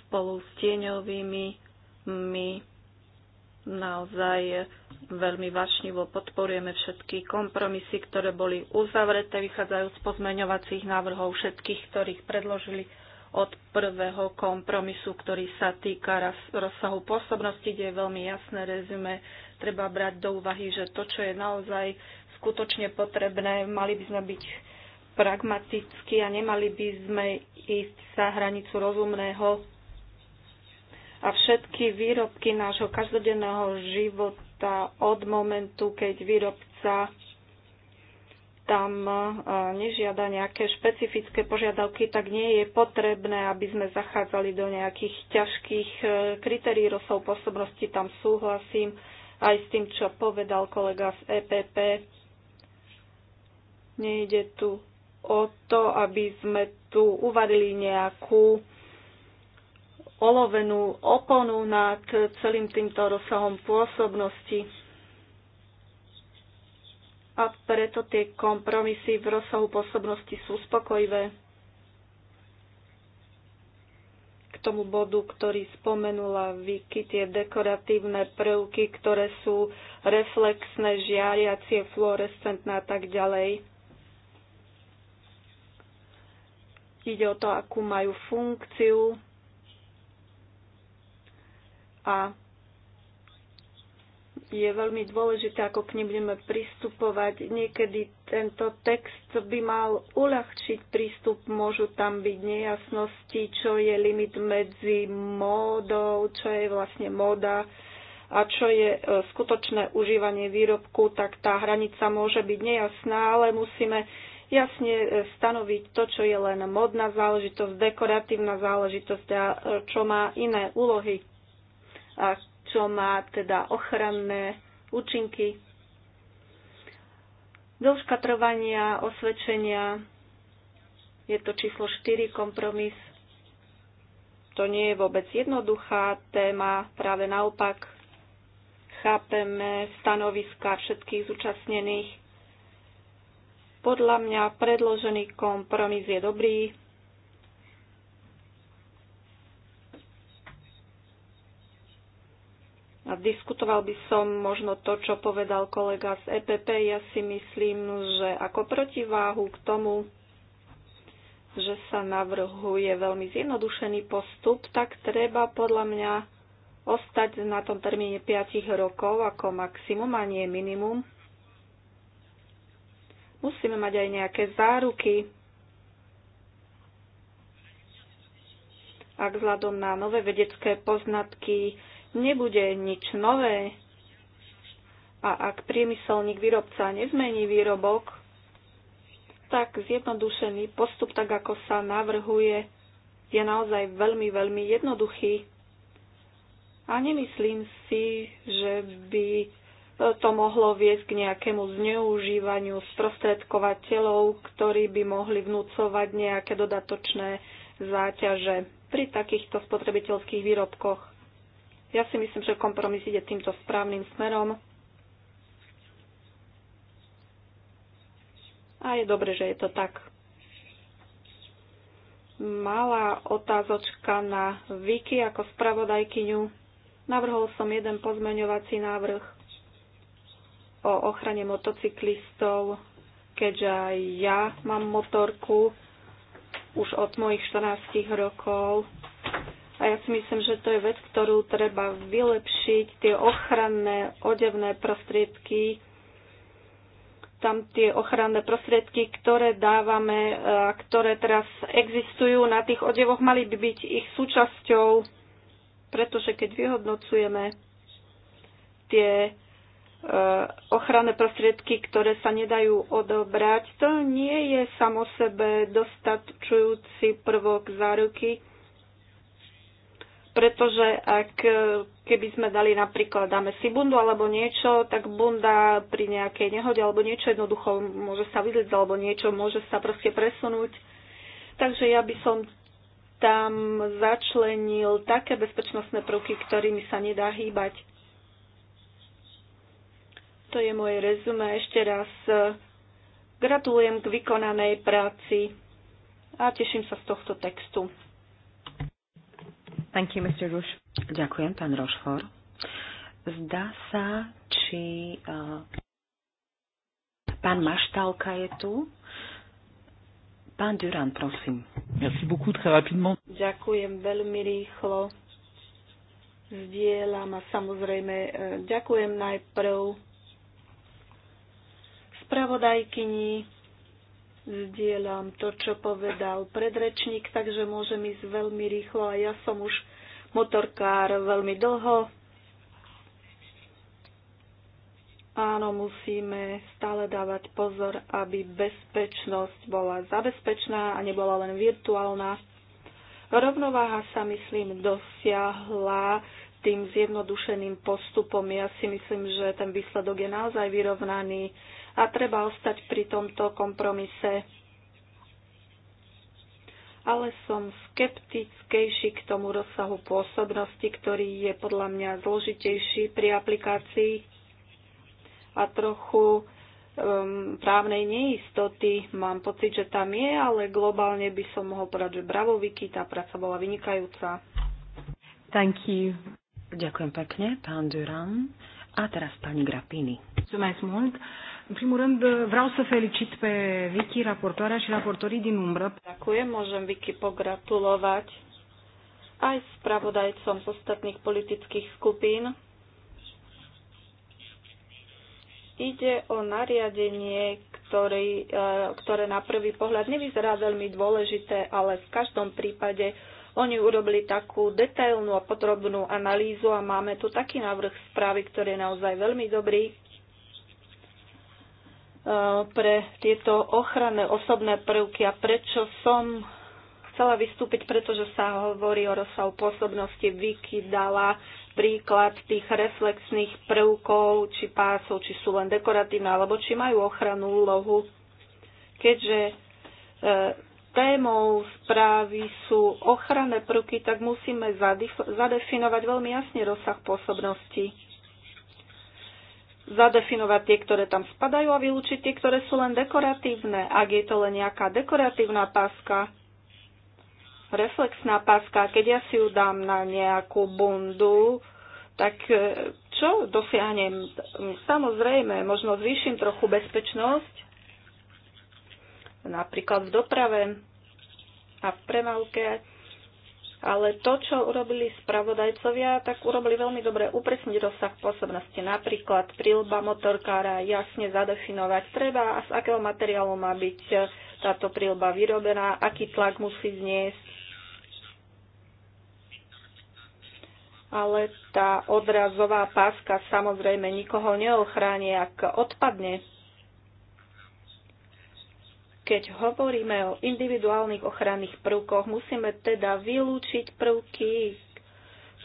spolu s tieňovými my naozaj veľmi vášnivo podporujeme všetky kompromisy, ktoré boli uzavreté, vychádzajú z pozmeňovacích návrhov všetkých, ktorých predložili od prvého kompromisu, ktorý sa týka rozsahu pôsobnosti, kde je veľmi jasné rezume. Treba brať do úvahy, že to, čo je naozaj skutočne potrebné, mali by sme byť pragmatickí a nemali by sme ísť za hranicu rozumného a všetky výrobky nášho každodenného života od momentu, keď výrobca tam e, nežiada nejaké špecifické požiadavky, tak nie je potrebné, aby sme zachádzali do nejakých ťažkých e, kritérií rozsahu pôsobnosti. Tam súhlasím aj s tým, čo povedal kolega z EPP. Nejde tu o to, aby sme tu uvarili nejakú olovenú oponu nad celým týmto rozsahom pôsobnosti. A preto tie kompromisy v rozsahu pôsobnosti sú spokojivé. K tomu bodu, ktorý spomenula Vicky, tie dekoratívne prvky, ktoré sú reflexné, žiariacie, fluorescentné a tak ďalej. Ide o to, akú majú funkciu, a je veľmi dôležité, ako k nim budeme pristupovať. Niekedy tento text by mal uľahčiť prístup, môžu tam byť nejasnosti, čo je limit medzi módou, čo je vlastne móda a čo je e, skutočné užívanie výrobku, tak tá hranica môže byť nejasná, ale musíme jasne e, stanoviť to, čo je len modná záležitosť, dekoratívna záležitosť a e, čo má iné úlohy a čo má teda ochranné účinky. Dĺžka trvania osvedčenia je to číslo 4 kompromis. To nie je vôbec jednoduchá téma, práve naopak chápeme stanoviska všetkých zúčastnených. Podľa mňa predložený kompromis je dobrý, A diskutoval by som možno to, čo povedal kolega z EPP. Ja si myslím, že ako protiváhu k tomu, že sa navrhuje veľmi zjednodušený postup, tak treba podľa mňa ostať na tom termíne 5 rokov ako maximum a nie minimum. Musíme mať aj nejaké záruky, ak vzhľadom na nové vedecké poznatky nebude nič nové. A ak priemyselník výrobca nezmení výrobok, tak zjednodušený postup, tak ako sa navrhuje, je naozaj veľmi, veľmi jednoduchý. A nemyslím si, že by to mohlo viesť k nejakému zneužívaniu sprostredkovateľov, ktorí by mohli vnúcovať nejaké dodatočné záťaže pri takýchto spotrebiteľských výrobkoch. Ja si myslím, že kompromis ide týmto správnym smerom. A je dobre, že je to tak. Malá otázočka na Viki ako spravodajkyňu. Navrhol som jeden pozmeňovací návrh o ochrane motocyklistov, keďže aj ja mám motorku už od mojich 14 rokov a ja si myslím, že to je vec, ktorú treba vylepšiť. Tie ochranné odevné prostriedky, tam tie ochranné prostriedky, ktoré dávame, e, a ktoré teraz existujú na tých odevoch, mali by byť ich súčasťou, pretože keď vyhodnocujeme tie e, ochranné prostriedky, ktoré sa nedajú odobrať, to nie je samo sebe dostačujúci prvok záruky, pretože ak e, keby sme dali napríklad, dáme si bundu alebo niečo, tak bunda pri nejakej nehode alebo niečo jednoducho môže sa vyzliť alebo niečo môže sa proste presunúť. Takže ja by som tam začlenil také bezpečnostné prvky, ktorými sa nedá hýbať. To je moje rezume. Ešte raz e, gratulujem k vykonanej práci a teším sa z tohto textu. Thank you, Mr. Roche. Ďakujem, pán Rošfor. Zdá sa, či uh, pán Maštálka je tu. Pán Durán, prosím. Merci beaucoup, très rapidement. Ďakujem veľmi rýchlo. Zdieľam a samozrejme e, ďakujem najprv spravodajkyni Zdieľam to, čo povedal predrečník, takže môžem ísť veľmi rýchlo a ja som už motorkár veľmi dlho. Áno, musíme stále dávať pozor, aby bezpečnosť bola zabezpečná a nebola len virtuálna. Rovnováha sa, myslím, dosiahla tým zjednodušeným postupom. Ja si myslím, že ten výsledok je naozaj vyrovnaný a treba ostať pri tomto kompromise. Ale som skeptickejší k tomu rozsahu pôsobnosti, ktorý je podľa mňa zložitejší pri aplikácii a trochu um, právnej neistoty. Mám pocit, že tam je, ale globálne by som mohol povedať, že bravo Vicky, tá práca bola vynikajúca. Thank you. Ďakujem pekne, pán Duran. A teraz pani Grapini. Mulțumesc mult. În primul rând, vreau să felicit pe Vicky, raportoarea și raportorii din umbră. Ďakujem, môžem Vicky pogratulovať aj spravodajcom z ostatných politických skupín. Ide o nariadenie, ktorý, eh, ktoré na prvý pohľad nevyzerá veľmi dôležité, ale v každom prípade oni urobili takú detailnú a podrobnú analýzu a máme tu taký návrh správy, ktorý je naozaj veľmi dobrý pre tieto ochranné osobné prvky a prečo som chcela vystúpiť, pretože sa hovorí o rozsahu pôsobnosti. Vicky dala príklad tých reflexných prvkov, či pásov, či sú len dekoratívne, alebo či majú ochranu úlohu. Keďže e, témou správy sú ochranné prvky, tak musíme zadefinovať veľmi jasne rozsah pôsobnosti zadefinovať tie, ktoré tam spadajú a vylúčiť tie, ktoré sú len dekoratívne. Ak je to len nejaká dekoratívna páska, reflexná páska, keď ja si ju dám na nejakú bundu, tak e, čo dosiahnem? Samozrejme, možno zvýšim trochu bezpečnosť, napríklad v doprave a v premávke, ale to, čo urobili spravodajcovia, tak urobili veľmi dobre upresniť rozsah pôsobnosti. Napríklad prílba motorkára jasne zadefinovať treba a z akého materiálu má byť e, táto prílba vyrobená, aký tlak musí zniesť. Ale tá odrazová páska samozrejme nikoho neochráni, ak odpadne. Keď hovoríme o individuálnych ochranných prvkoch, musíme teda vylúčiť prvky,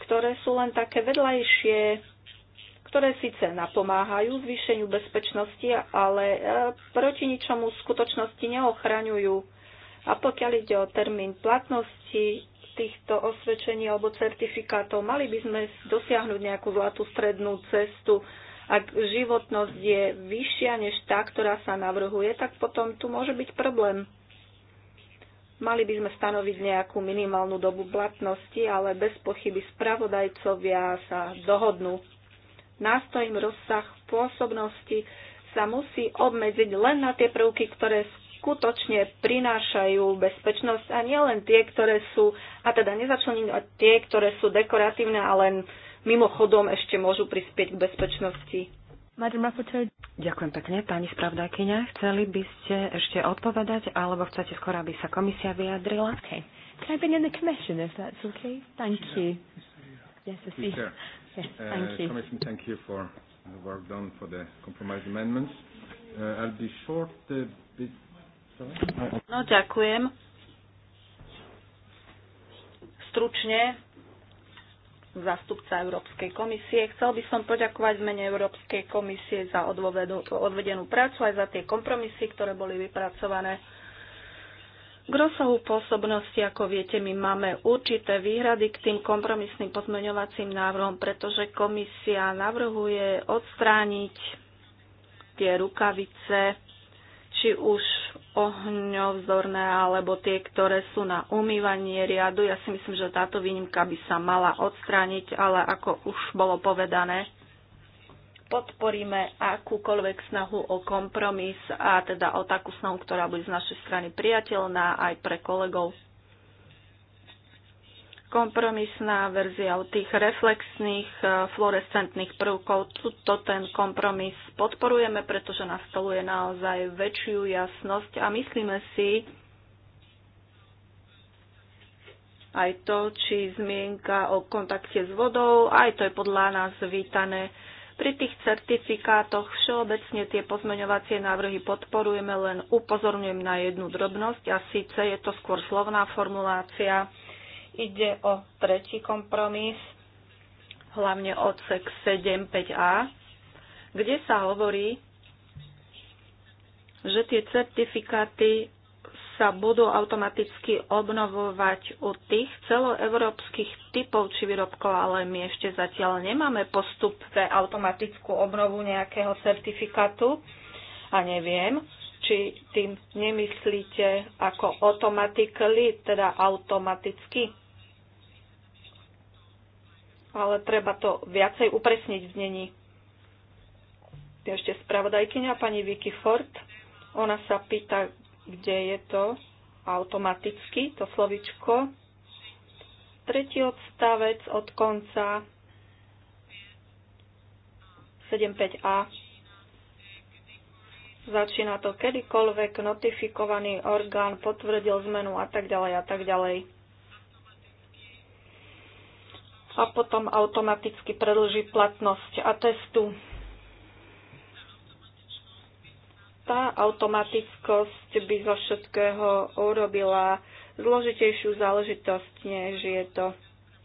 ktoré sú len také vedľajšie, ktoré síce napomáhajú zvýšeniu bezpečnosti, ale e, proti ničomu v skutočnosti neochraňujú. A pokiaľ ide o termín platnosti týchto osvedčení alebo certifikátov, mali by sme dosiahnuť nejakú zlatú strednú cestu, ak životnosť je vyššia než tá, ktorá sa navrhuje, tak potom tu môže byť problém. Mali by sme stanoviť nejakú minimálnu dobu platnosti, ale bez pochyby spravodajcovia sa dohodnú. Nástojím rozsah pôsobnosti sa musí obmedziť len na tie prvky, ktoré skutočne prinášajú bezpečnosť a nielen tie, ktoré sú, a teda nezačleniť tie, ktoré sú dekoratívne a len mimochodom ešte môžu prispieť k bezpečnosti. Ďakujem pekne. Pani spravdákyňa, chceli by ste ešte odpovedať, alebo chcete skôr, aby sa komisia vyjadrila? Okay. Can I bring in the commission, if that's okay? Thank you. Yes, I see. Yes, uh, thank you. commission, thank you for the work done for the compromise amendments. Uh, I'll be short. Uh, bit... No, ďakujem. Stručne zastupca Európskej komisie. Chcel by som poďakovať v mene Európskej komisie za odvedenú prácu aj za tie kompromisy, ktoré boli vypracované. K rozsahu pôsobnosti, ako viete, my máme určité výhrady k tým kompromisným pozmeňovacím návrhom, pretože komisia navrhuje odstrániť tie rukavice či už ohňovzorné, alebo tie, ktoré sú na umývanie riadu. Ja si myslím, že táto výnimka by sa mala odstrániť, ale ako už bolo povedané, podporíme akúkoľvek snahu o kompromis a teda o takú snahu, ktorá bude z našej strany priateľná aj pre kolegov kompromisná verzia od tých reflexných e, fluorescentných prvkov. Tuto ten kompromis podporujeme, pretože nastoluje naozaj väčšiu jasnosť a myslíme si aj to, či zmienka o kontakte s vodou, aj to je podľa nás vítané. Pri tých certifikátoch všeobecne tie pozmeňovacie návrhy podporujeme, len upozorňujem na jednu drobnosť a síce je to skôr slovná formulácia Ide o tretí kompromis, hlavne odsek 7.5a, kde sa hovorí, že tie certifikáty sa budú automaticky obnovovať u tých celoeurópskych typov či výrobkov, ale my ešte zatiaľ nemáme postup pre automatickú obnovu nejakého certifikátu a neviem, či tým nemyslíte ako automatically, teda automaticky ale treba to viacej upresniť v znení. Je ešte spravodajkyňa pani Vicky Ford. Ona sa pýta, kde je to automaticky, to slovičko. Tretí odstavec od konca 75a. Začína to kedykoľvek notifikovaný orgán potvrdil zmenu a tak ďalej a tak ďalej a potom automaticky predlží platnosť a testu. Tá automatickosť by zo všetkého urobila zložitejšiu záležitosť, než je to.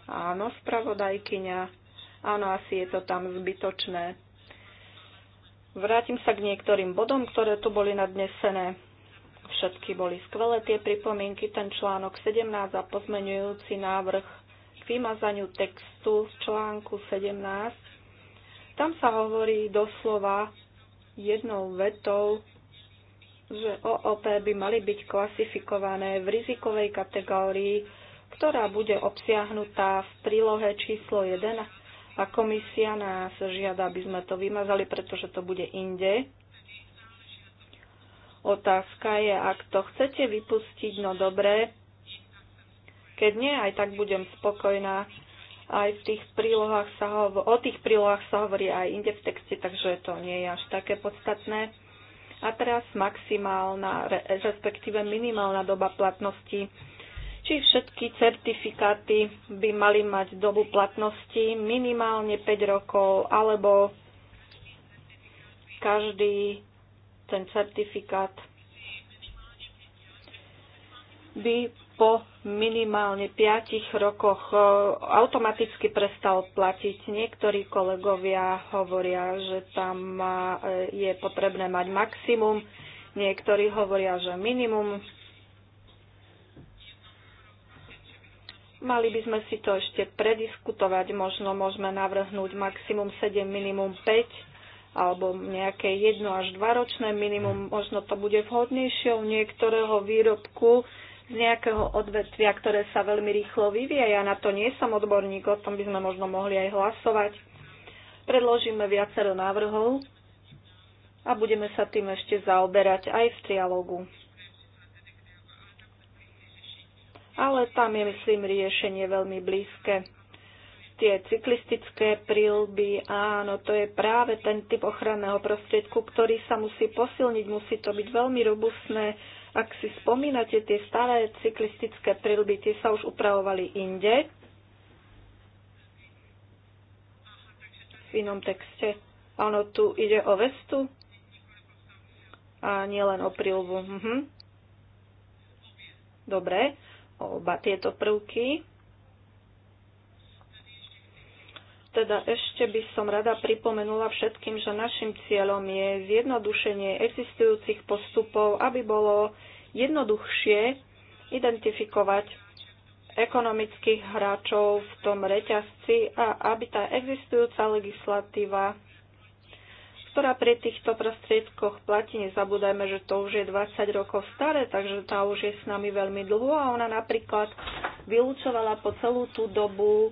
Áno, spravodajkyňa. Áno, asi je to tam zbytočné. Vrátim sa k niektorým bodom, ktoré tu boli nadnesené. Všetky boli skvelé tie pripomienky, ten článok 17 a pozmenujúci návrh k vymazaniu textu z článku 17. Tam sa hovorí doslova jednou vetou, že OOP by mali byť klasifikované v rizikovej kategórii, ktorá bude obsiahnutá v prílohe číslo 1 a komisia nás žiada, aby sme to vymazali, pretože to bude inde. Otázka je, ak to chcete vypustiť, no dobre, keď nie, aj tak budem spokojná. Aj v tých prílohách sa hovorí, o tých prílohách sa hovorí aj inde v texte, takže to nie je až také podstatné. A teraz maximálna, respektíve minimálna doba platnosti. Či všetky certifikáty by mali mať dobu platnosti minimálne 5 rokov, alebo každý ten certifikát by po minimálne 5 rokoch e, automaticky prestal platiť. Niektorí kolegovia hovoria, že tam e, je potrebné mať maximum, niektorí hovoria, že minimum. Mali by sme si to ešte prediskutovať, možno môžeme navrhnúť maximum 7, minimum 5 alebo nejaké jedno až dva ročné minimum, možno to bude vhodnejšie u niektorého výrobku, z nejakého odvetvia, ktoré sa veľmi rýchlo vyvie. Ja na to nie som odborník, o tom by sme možno mohli aj hlasovať. Predložíme viacero návrhov a budeme sa tým ešte zaoberať aj v trialogu. Ale tam je, myslím, riešenie veľmi blízke. Tie cyklistické prílby, áno, to je práve ten typ ochranného prostriedku, ktorý sa musí posilniť, musí to byť veľmi robustné, ak si spomínate, tie staré cyklistické prilby, tie sa už upravovali inde, v inom texte. Áno, ono tu ide o vestu a nielen o prilbu. Mhm. Dobre, oba tieto prvky. Teda ešte by som rada pripomenula všetkým, že našim cieľom je zjednodušenie existujúcich postupov, aby bolo jednoduchšie identifikovať ekonomických hráčov v tom reťazci a aby tá existujúca legislatíva, ktorá pri týchto prostriedkoch platí, nezabúdajme, že to už je 20 rokov staré, takže tá už je s nami veľmi dlho a ona napríklad vylúčovala po celú tú dobu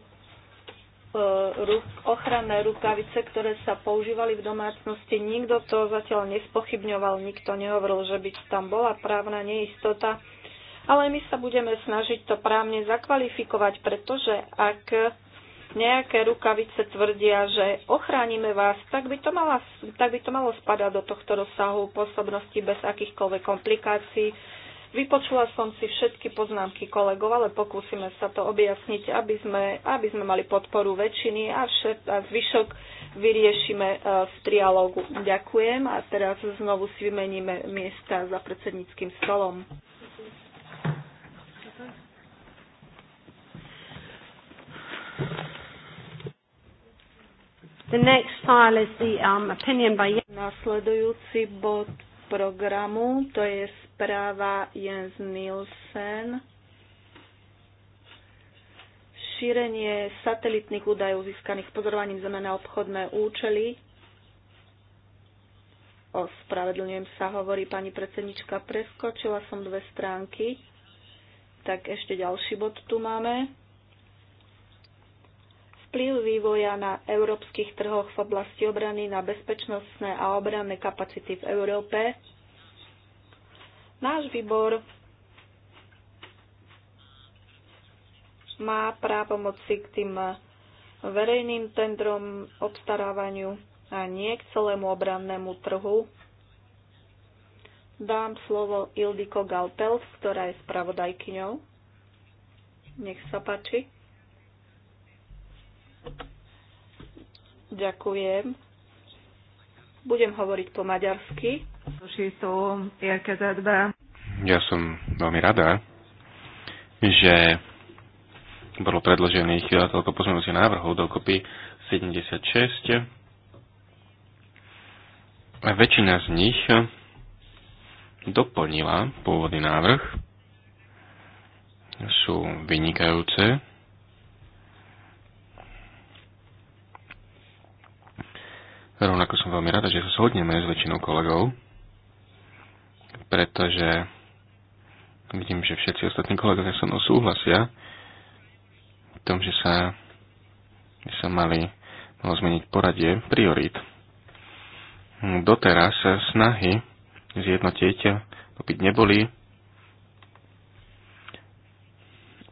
ochranné rukavice, ktoré sa používali v domácnosti. Nikto to zatiaľ nespochybňoval, nikto nehovoril, že by tam bola právna neistota. Ale my sa budeme snažiť to právne zakvalifikovať, pretože ak nejaké rukavice tvrdia, že ochránime vás, tak by to, mala, tak by to malo spadať do tohto rozsahu pôsobnosti bez akýchkoľvek komplikácií. Vypočula som si všetky poznámky kolegov, ale pokúsime sa to objasniť, aby sme, aby sme mali podporu väčšiny a, všet, a zvyšok vyriešime e, v trialógu. Ďakujem a teraz znovu si vymeníme miesta za predsedníckým stolom. The next file is the um, opinion by... Nasledujúci bod programu, to je správa Jens Nielsen šírenie satelitných údajov získaných pozorovaním Zeme na obchodné účely. Ospravedlňujem sa, hovorí pani predsednička, preskočila som dve stránky. Tak ešte ďalší bod tu máme. Vplyv vývoja na európskych trhoch v oblasti obrany na bezpečnostné a obranné kapacity v Európe Náš výbor má právomoci k tým verejným tendrom obstarávaniu a nie k celému obrannému trhu. Dám slovo Ildiko Galpels, ktorá je spravodajkyňou. Nech sa páči. Ďakujem. Budem hovoriť po maďarsky. Ja som veľmi rada, že bolo predložených toľko pozmenujúcich návrhov, dokopy 76. A väčšina z nich doplnila pôvodný návrh. Sú vynikajúce. Rovnako som veľmi rada, že sa shodneme s väčšinou kolegov, pretože vidím, že všetci ostatní kolegovia so mnou súhlasia v tom, že sa, že sa mali, malo zmeniť poradie priorít. Doteraz snahy zjednotiť opäť neboli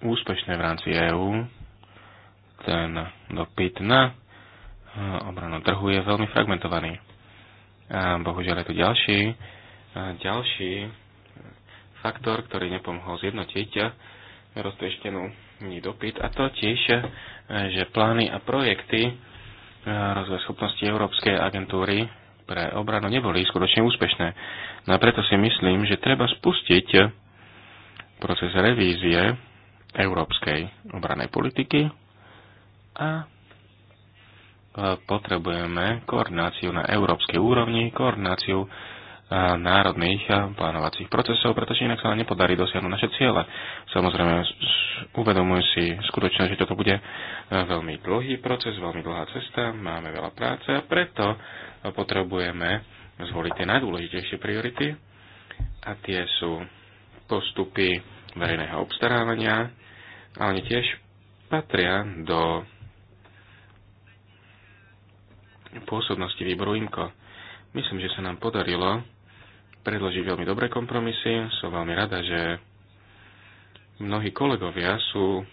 úspešné v rámci EÚ. Ten dopyt na obranu trhu je veľmi fragmentovaný. A bohužiaľ je tu ďalší, ďalší faktor, ktorý nepomohol zjednotiť roztrieštenú dopyt a to tiež, že plány a projekty rozvoj schopnosti Európskej agentúry pre obranu neboli skutočne úspešné. No a preto si myslím, že treba spustiť proces revízie európskej obranej politiky a potrebujeme koordináciu na európskej úrovni, koordináciu národných plánovacích procesov, pretože inak sa nám nepodarí dosiahnuť naše ciele. Samozrejme, uvedomujem si skutočne, že toto bude veľmi dlhý proces, veľmi dlhá cesta, máme veľa práce a preto potrebujeme zvoliť tie najdôležitejšie priority a tie sú postupy verejného obstarávania ale oni tiež patria do pôsobnosti výboru IMKO. Myslím, že sa nám podarilo predložiť veľmi dobré kompromisy. Som veľmi rada, že mnohí kolegovia sú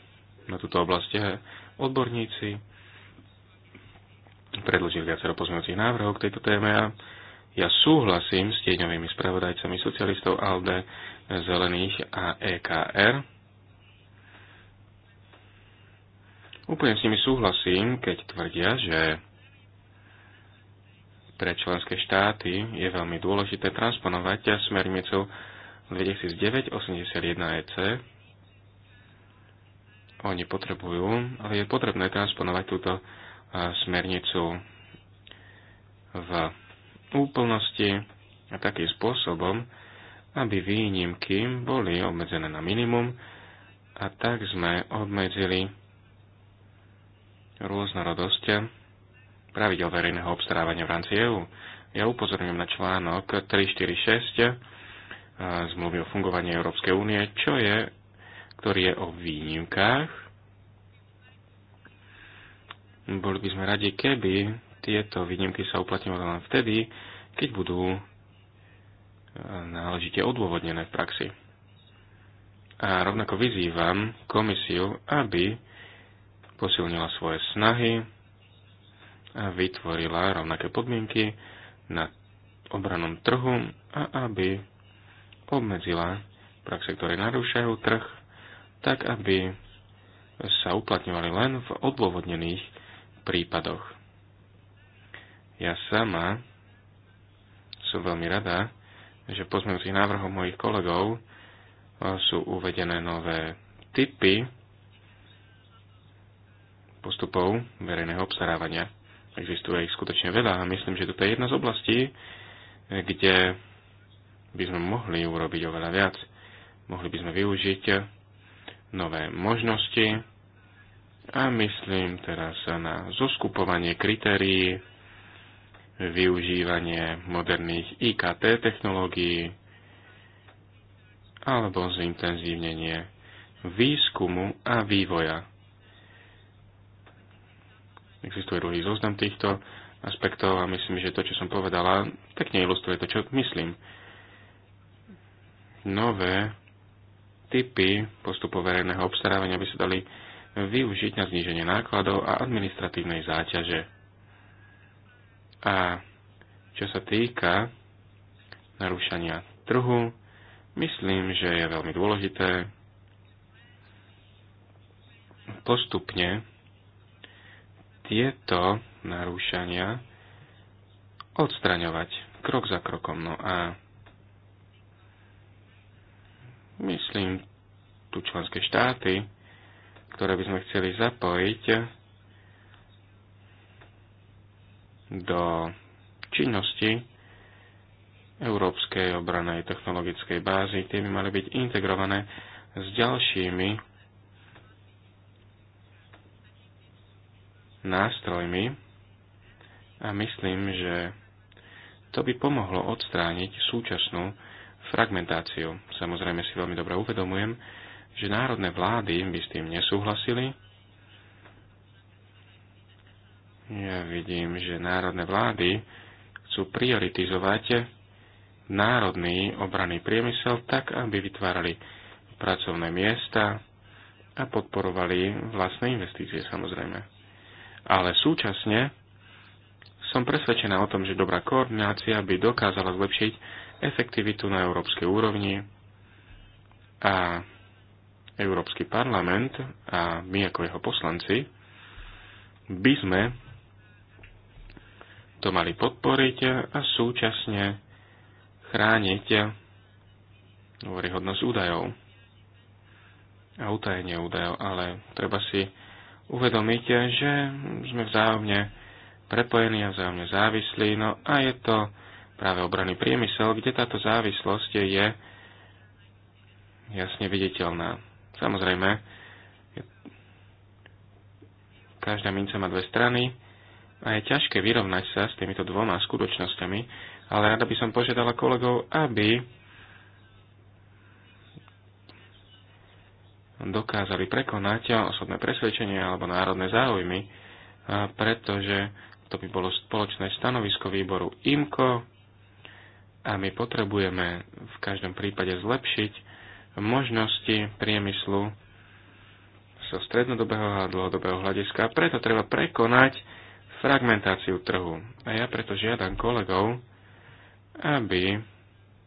na túto oblasti odborníci. Predložili viacero pozmeňujúcich návrhov k tejto téme a ja súhlasím s tieňovými spravodajcami socialistov ALDE, Zelených a EKR. Úplne s nimi súhlasím, keď tvrdia, že pre členské štáty je veľmi dôležité transponovať smernicu 2009-81-EC. E Oni potrebujú, ale je potrebné transponovať túto e, smernicu v úplnosti a takým spôsobom, aby výnimky boli obmedzené na minimum a tak sme obmedzili rôznorodosť pravidel verejného obstarávania v rámci EÚ. Ja upozorňujem na článok 346 eh, zmluvy o fungovaní Európskej únie, čo je, ktorý je o výnimkách. Boli by sme radi, keby tieto výnimky sa uplatňovali len vtedy, keď budú eh, náležite odôvodnené v praxi. A rovnako vyzývam komisiu, aby posilnila svoje snahy vytvorila rovnaké podmienky na obranom trhu a aby obmedzila praxe, ktoré narúšajú trh, tak aby sa uplatňovali len v odôvodnených prípadoch. Ja sama som veľmi rada, že pozmeňujúcich návrhov mojich kolegov e, sú uvedené nové typy postupov verejného obstarávania. Existuje ich skutočne veľa a myslím, že toto je jedna z oblastí, kde by sme mohli urobiť oveľa viac. Mohli by sme využiť nové možnosti a myslím teraz na zoskupovanie kritérií, využívanie moderných IKT technológií alebo zintenzívnenie výskumu a vývoja Existuje druhý zoznam týchto aspektov a myslím, že to, čo som povedala, pekne ilustruje to, čo myslím. Nové typy postupov verejného obstarávania by sa dali využiť na zníženie nákladov a administratívnej záťaže. A čo sa týka narúšania trhu, myslím, že je veľmi dôležité postupne tieto narúšania odstraňovať krok za krokom. No a myslím, tu členské štáty, ktoré by sme chceli zapojiť do činnosti Európskej obranej technologickej bázy, tie by mali byť integrované s ďalšími nástrojmi a myslím, že to by pomohlo odstrániť súčasnú fragmentáciu. Samozrejme si veľmi dobre uvedomujem, že národné vlády by s tým nesúhlasili. Ja vidím, že národné vlády chcú prioritizovať národný obranný priemysel tak, aby vytvárali pracovné miesta a podporovali vlastné investície samozrejme ale súčasne som presvedčená o tom, že dobrá koordinácia by dokázala zlepšiť efektivitu na európskej úrovni a Európsky parlament a my ako jeho poslanci by sme to mali podporiť a súčasne chrániť hovorí hodnosť údajov a utajenie údajov, ale treba si uvedomíte, že sme vzájomne prepojení a vzájomne závislí. No a je to práve obranný priemysel, kde táto závislosť je jasne viditeľná. Samozrejme, každá minca má dve strany a je ťažké vyrovnať sa s týmito dvoma skutočnosťami, ale rada by som požiadala kolegov, aby dokázali prekonať osobné presvedčenie alebo národné záujmy, pretože to by bolo spoločné stanovisko výboru IMCO a my potrebujeme v každom prípade zlepšiť možnosti priemyslu zo so strednodobého a dlhodobého hľadiska. Preto treba prekonať fragmentáciu trhu. A ja preto žiadam kolegov, aby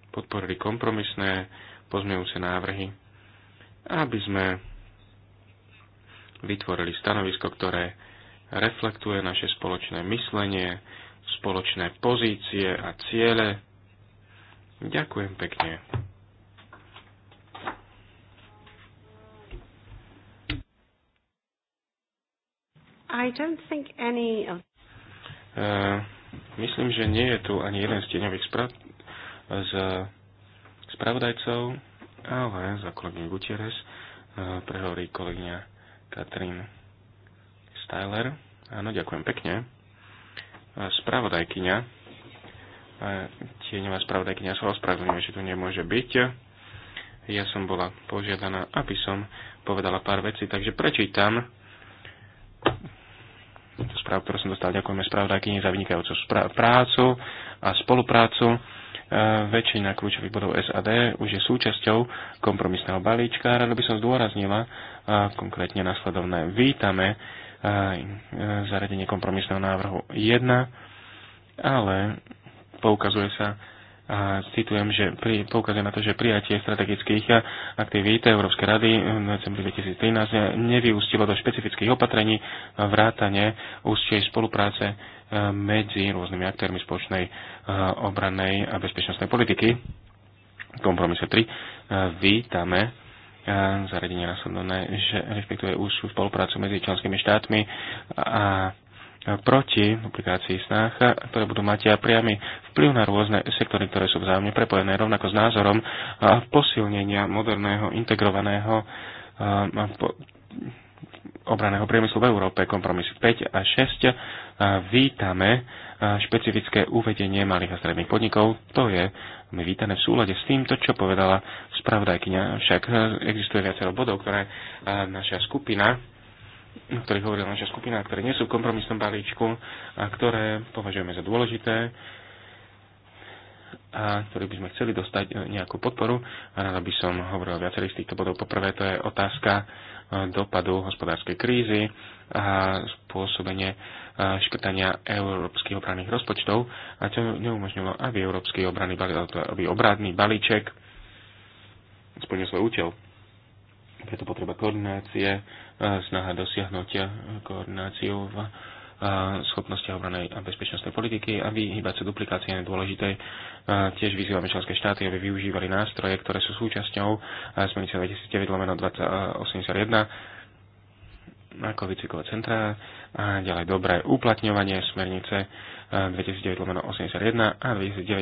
podporili kompromisné pozmejúce návrhy aby sme vytvorili stanovisko, ktoré reflektuje naše spoločné myslenie, spoločné pozície a ciele. Ďakujem pekne. I don't think any of... Uh, myslím, že nie je tu ani jeden z tieňových spra- z spravodajcov ale za kolegyňu Gutierrez eh, prehovorí kolegyňa Katrin Styler. Áno, ďakujem pekne. Eh, spravodajkyňa, eh, tieňová spravodajkyňa sa ospravedlňuje, že tu nemôže byť. Ja som bola požiadaná, aby som povedala pár vecí, takže prečítam správu, ktorú som dostal. Ďakujeme spravodajkyni za vynikajúcu prácu a spoluprácu Väčšina kľúčových bodov SAD už je súčasťou kompromisného balíčka. Rado by som zdôraznila konkrétne nasledovné. Vítame zaradenie kompromisného návrhu 1, ale poukazuje sa a citujem, že pri, poukazujem na to, že prijatie strategických aktivít Európskej rady v decembri 2013 nevyústilo do špecifických opatrení vrátane úzčej spolupráce e, medzi rôznymi aktérmi spoločnej e, obrannej a bezpečnostnej politiky. Kompromise 3. E, vítame zaredenie následovné, že respektuje úzšiu spoluprácu medzi členskými štátmi a proti publikácii snácha, ktoré budú mať aj priamy vplyv na rôzne sektory, ktoré sú vzájomne prepojené, rovnako s názorom a posilnenia moderného, integrovaného a po, obraného priemyslu v Európe, kompromisy 5 a 6. Vítame špecifické uvedenie malých a stredných podnikov. To je my vítané v súlade s týmto, čo povedala spravodajkyňa. Však e, existuje viacero bodov, ktoré naša skupina o ktorých hovorila naša skupina, ktoré nie sú v kompromisnom balíčku a ktoré považujeme za dôležité a ktorý by sme chceli dostať e, nejakú podporu. A rada by som hovoril o viacerých z týchto bodov. Poprvé to je otázka e, dopadu hospodárskej krízy a spôsobenie e, škrtania európskych obranných rozpočtov a čo neumožnilo, aby európsky obranný balíček, aby obradný balíček splnil svoj účel. Preto potreba koordinácie snaha dosiahnuť e, koordináciu v e, schopnosti obranej a bezpečnostnej politiky a vyhybať sa duplikácie je dôležité. E, tiež vyzývame členské štáty, aby využívali nástroje, ktoré sú súčasťou smernice 2009 81 ako výcvikové centrá a ďalej dobré uplatňovanie smernice 2009-81 eh, a 2009-48 eh,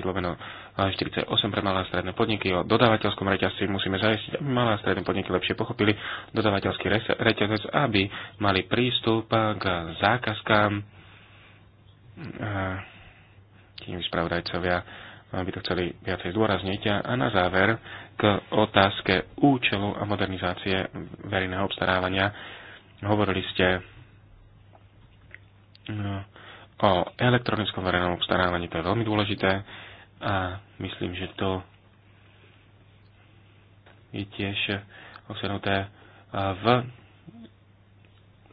pre malé a stredné podniky. O dodávateľskom reťazci musíme zajistiť, aby malé a stredné podniky lepšie pochopili dodávateľský reťazec, aby mali prístup k zákazkám. Eh, tými spravodajcovia aby to chceli viacej zdôrazniť. A na záver k otázke účelu a modernizácie verejného obstarávania Hovorili ste eh, o elektronickom verejnom obstarávaní, to je veľmi dôležité a myslím, že to je tiež obsahnuté eh, v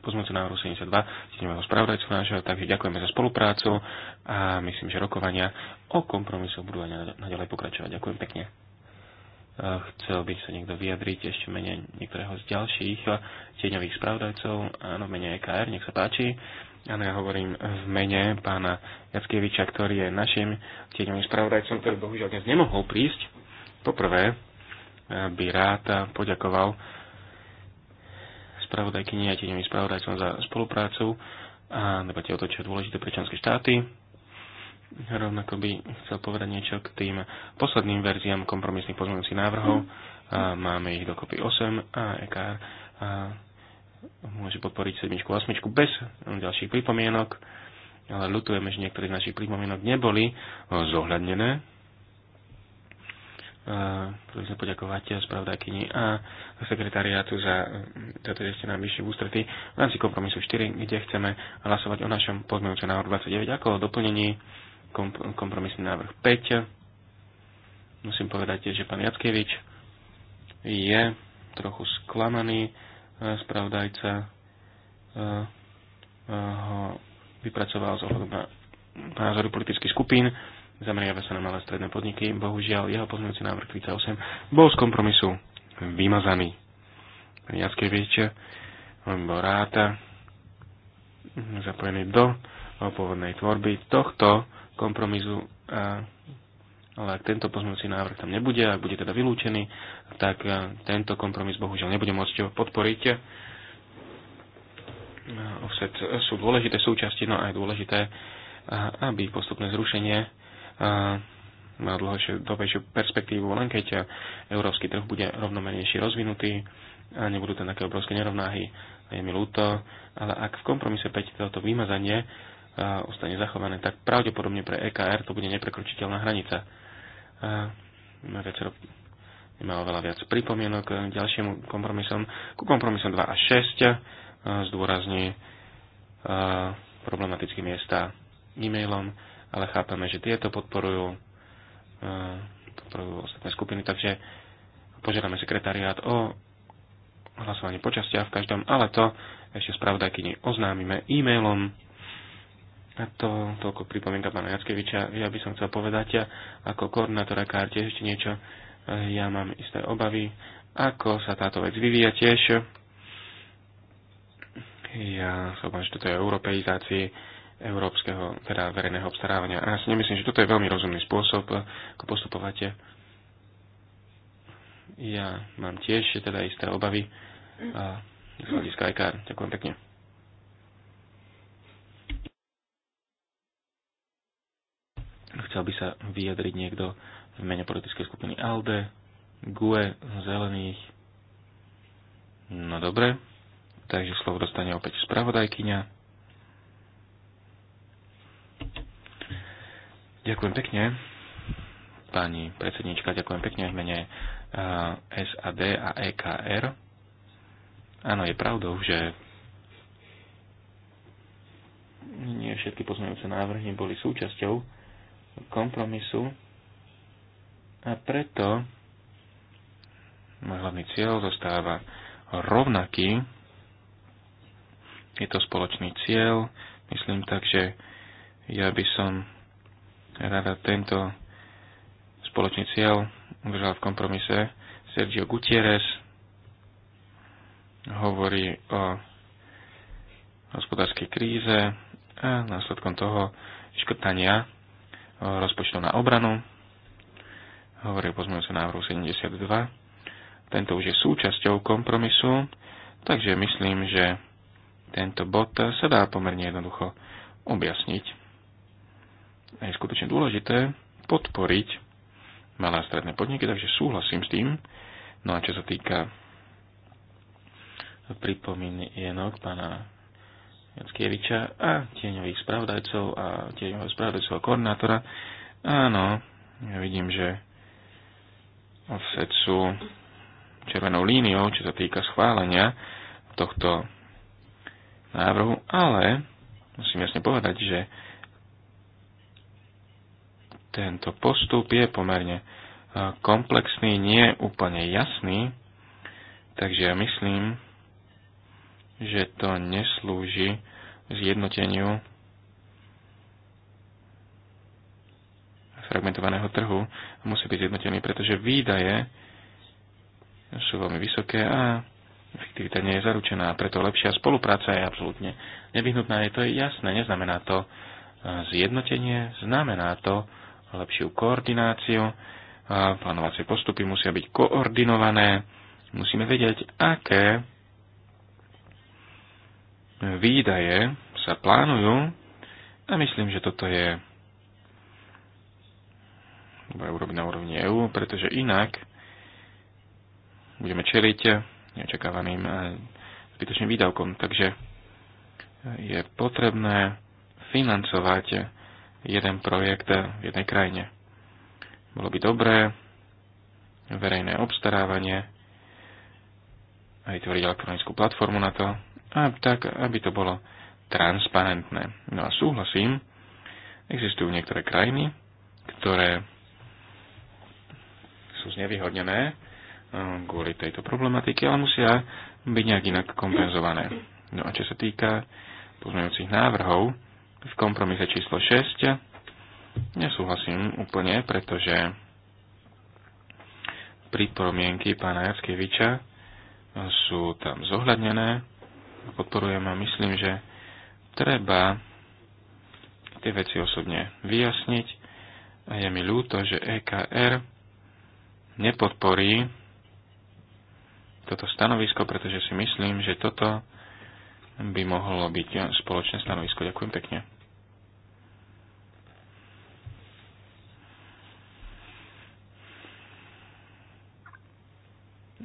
pozmúcu návrhu 72 ktorý spravodajcu nášho, takže ďakujeme za spoluprácu a myslím, že rokovania o kompromisu budú aj naďalej pokračovať. Ďakujem pekne. Chcel by sa niekto vyjadriť ešte menej niektorého z ďalších tieňových spravodajcov. Áno, mene EKR, nech sa páči. Áno, ja hovorím v mene pána Jackeviča, ktorý je našim tieňovým spravodajcom, ktorý bohužiaľ dnes nemohol prísť. Poprvé by rád poďakoval spravodajkyni a tieňovým spravodajcom za spoluprácu a debate o to, čo je dôležité pre členské štáty Rovnako by chcel povedať niečo k tým posledným verziám kompromisných pozmeňujúcich návrhov. Mm. Máme ich dokopy 8 a EKR a môže podporiť 7 a 8 bez ďalších pripomienok, ale ľutujeme, že niektoré z našich pripomienok neboli zohľadnené chceli sme poďakovať spravodajkyni a sekretariátu za, za to, že ste nám vyšli v ústrety v rámci kompromisu 4, kde chceme hlasovať o našom pozmeňujúcom návrhu 29 ako o doplnení kompromisný návrh 5. Musím povedať tiež, že pán Jackevič je trochu sklamaný. E, spravodajca e, e, ho vypracoval z ohľadu na názory politických skupín. Zameriava sa na malé stredné podniky. Bohužiaľ, jeho pozmeňujúci návrh 38 bol z kompromisu vymazaný. Pán Jackevič bol rád zapojený do pôvodnej tvorby tohto kompromisu, ale ak tento pozmeňujúci návrh tam nebude, ak bude teda vylúčený, tak tento kompromis bohužiaľ nebude môcť podporiť. Offset sú dôležité súčasti, no aj dôležité, aby postupné zrušenie má dlhodobejšiu perspektívu, len keď európsky trh bude rovnomernejší rozvinutý a nebudú tam také obrovské nerovnáhy. Je mi ľúto, ale ak v kompromise 5 toto vymazanie ostane zachované, tak pravdepodobne pre EKR to bude neprekročiteľná hranica. Má viacero oveľa viac pripomienok k ďalšiemu kompromisom. Ku kompromisom 2 a 6 zdôrazní problematické miesta e-mailom, ale chápame, že tieto podporujú, podporujú ostatné skupiny, takže požiadame sekretariát o hlasovanie počastia v každom, ale to ešte spravodajkyni oznámime e-mailom a to toľko pripomienka pána Jackeviča. Ja by som chcel povedať, ja, ako koordinátora kár tiež ešte niečo, e, ja mám isté obavy, ako sa táto vec vyvíja tiež. Ja sa obávam, že toto je europeizácii európskeho, teda verejného obstarávania. A ja si nemyslím, že toto je veľmi rozumný spôsob, ako postupovate. Ja mám tiež teda isté obavy a z hľadiska Ďakujem pekne. Chcel by sa vyjadriť niekto v mene politickej skupiny ALDE, GUE, Zelených. No dobre, takže slovo dostane opäť spravodajkyňa. Ďakujem pekne, pani predsednička, ďakujem pekne v mene eh, SAD a EKR. Áno, je pravdou, že nie všetky pozmeňujúce návrhy boli súčasťou kompromisu a preto môj hlavný cieľ zostáva rovnaký. Je to spoločný cieľ, myslím tak, že ja by som rada tento spoločný cieľ udržal v kompromise. Sergio Gutierrez hovorí o hospodárskej kríze a následkom toho škrtania rozpočtu na obranu. Hovorí o pozmeňujúce návrhu 72. Tento už je súčasťou kompromisu, takže myslím, že tento bod sa dá pomerne jednoducho objasniť. A je skutočne dôležité podporiť malé a stredné podniky, takže súhlasím s tým. No a čo sa týka pripomínienok pána Jackieviča a tieňových spravodajcov a tieňového spravodajcov koordinátora. Áno, ja vidím, že offset sú červenou líniou, čo sa týka schválenia tohto návrhu, ale musím jasne povedať, že tento postup je pomerne eh, komplexný, nie úplne jasný, takže ja myslím, že to neslúži zjednoteniu fragmentovaného trhu musí byť zjednotený, pretože výdaje sú veľmi vysoké a efektivita nie je zaručená. Preto lepšia spolupráca je absolútne nevyhnutná. Je to jasné, neznamená to e, zjednotenie, znamená to lepšiu koordináciu, e, plánovacie postupy musia byť koordinované, musíme vedieť, aké výdaje sa plánujú a myslím, že toto je treba urobiť na úrovni EÚ, pretože inak budeme čeliť neočakávaným eh, zbytočným výdavkom. Takže eh, je potrebné financovať eh, jeden projekt v jednej krajine. Bolo by dobré verejné obstarávanie a vytvoriť elektronickú platformu na to a tak, aby to bolo transparentné. No a súhlasím, existujú niektoré krajiny, ktoré sú znevýhodnené eh, kvôli tejto problematike, ale musia byť nejak inak kompenzované. No a čo sa týka pozmeňujúcich návrhov, v kompromise číslo 6 nesúhlasím úplne, pretože pripomienky pána Jackeviča sú tam zohľadnené Podporujem a myslím, že treba tie veci osobne vyjasniť a je mi ľúto, že EKR nepodporí toto stanovisko, pretože si myslím, že toto by mohlo byť spoločné stanovisko. Ďakujem pekne.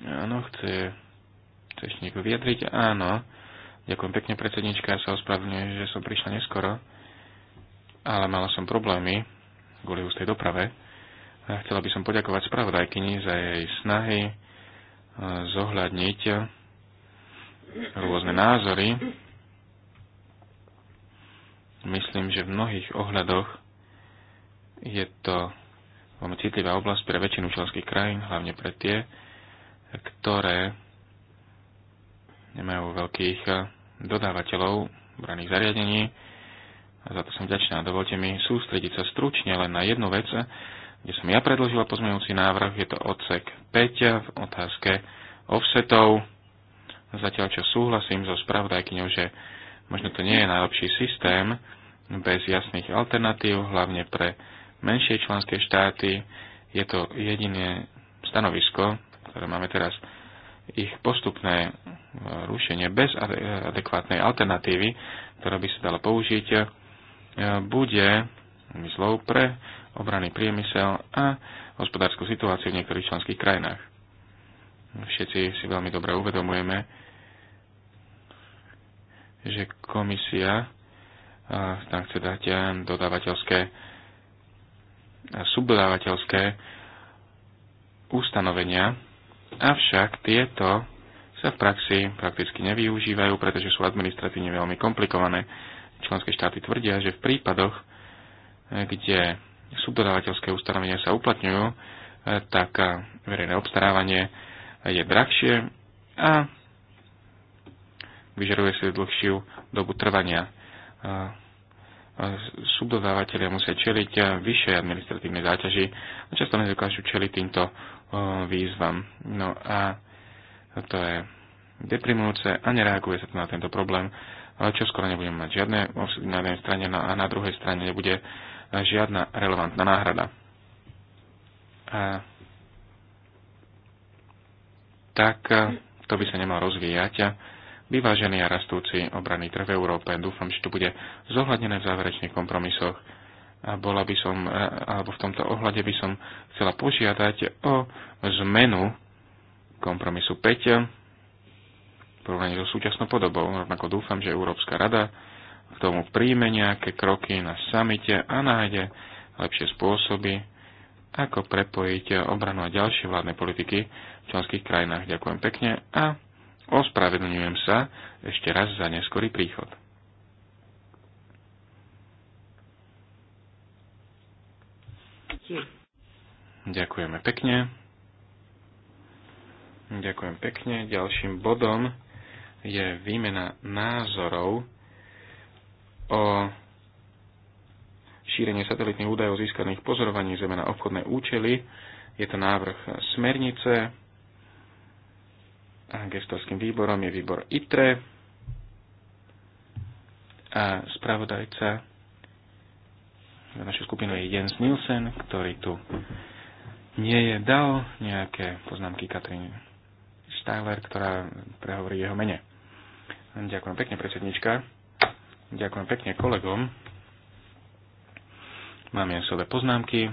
Áno, chce, chce ešte nieko vyjadriť? Áno. Ďakujem pekne, predsednička. Ja sa ospravedlňujem, že som prišla neskoro, ale mala som problémy kvôli ústej doprave. A chcela by som poďakovať spravodajkyni za jej snahy e, zohľadniť rôzne názory. Myslím, že v mnohých ohľadoch je to veľmi citlivá oblasť pre väčšinu členských krajín, hlavne pre tie, ktoré nemajú veľkých dodávateľov braných zariadení. A za to som vďačná. Dovolte mi sústrediť sa stručne len na jednu vec, kde som ja predložila pozmeňujúci návrh. Je to odsek 5 v otázke offsetov. Zatiaľ, čo súhlasím so spravodajkyňou, že možno to nie je najlepší systém bez jasných alternatív, hlavne pre menšie členské štáty. Je to jediné stanovisko, ktoré máme teraz. Ich postupné rušenie bez adekvátnej alternatívy, ktorá by sa dala použiť, e, bude zlou pre obranný priemysel a hospodárskú situáciu v niektorých členských krajinách. Všetci si veľmi dobre uvedomujeme, že komisia e, tam chce dať e, dodávateľské a subdodávateľské ustanovenia, avšak tieto sa v praxi prakticky nevyužívajú, pretože sú administratívne veľmi komplikované. Členské štáty tvrdia, že v prípadoch, kde subdodávateľské ustanovenia sa uplatňujú, tak verejné obstarávanie je drahšie a vyžaruje si dlhšiu dobu trvania. Subdodávateľia musia čeliť vyššej administratívnej záťaži a často nedokážu čeliť týmto výzvam. No a to je deprimujúce a nereaguje sa na tento problém. Čo skoro nebudeme mať žiadne na jednej strane no a na druhej strane nebude žiadna relevantná náhrada. A tak e, to by sa nemal rozvíjať. Vyvážený a rastúci obranný trh v Európe. Dúfam, že to bude zohľadnené v záverečných kompromisoch. A bola by som, e, alebo v tomto ohľade by som chcela požiadať o zmenu kompromisu 5 v porovnaní so súčasnou podobou. Rovnako dúfam, že Európska rada k tomu príjme nejaké kroky na samite a nájde lepšie spôsoby, ako prepojiť obranu a ďalšie vládne politiky v členských krajinách. Ďakujem pekne a ospravedlňujem sa ešte raz za neskorý príchod. Ďakujeme pekne. Ďakujem pekne. Ďalším bodom je výmena názorov o šírenie satelitných údajov získaných pozorovaní Zeme na obchodné účely. Je to návrh smernice. A gestorským výborom je výbor ITRE. A spravodajca za našu skupinu je Jens Nielsen, ktorý tu nie je dal nejaké poznámky Katrine. Styler, ktorá prehovorí jeho mene. Ďakujem pekne, predsednička. Ďakujem pekne kolegom. Mám ja svoje poznámky,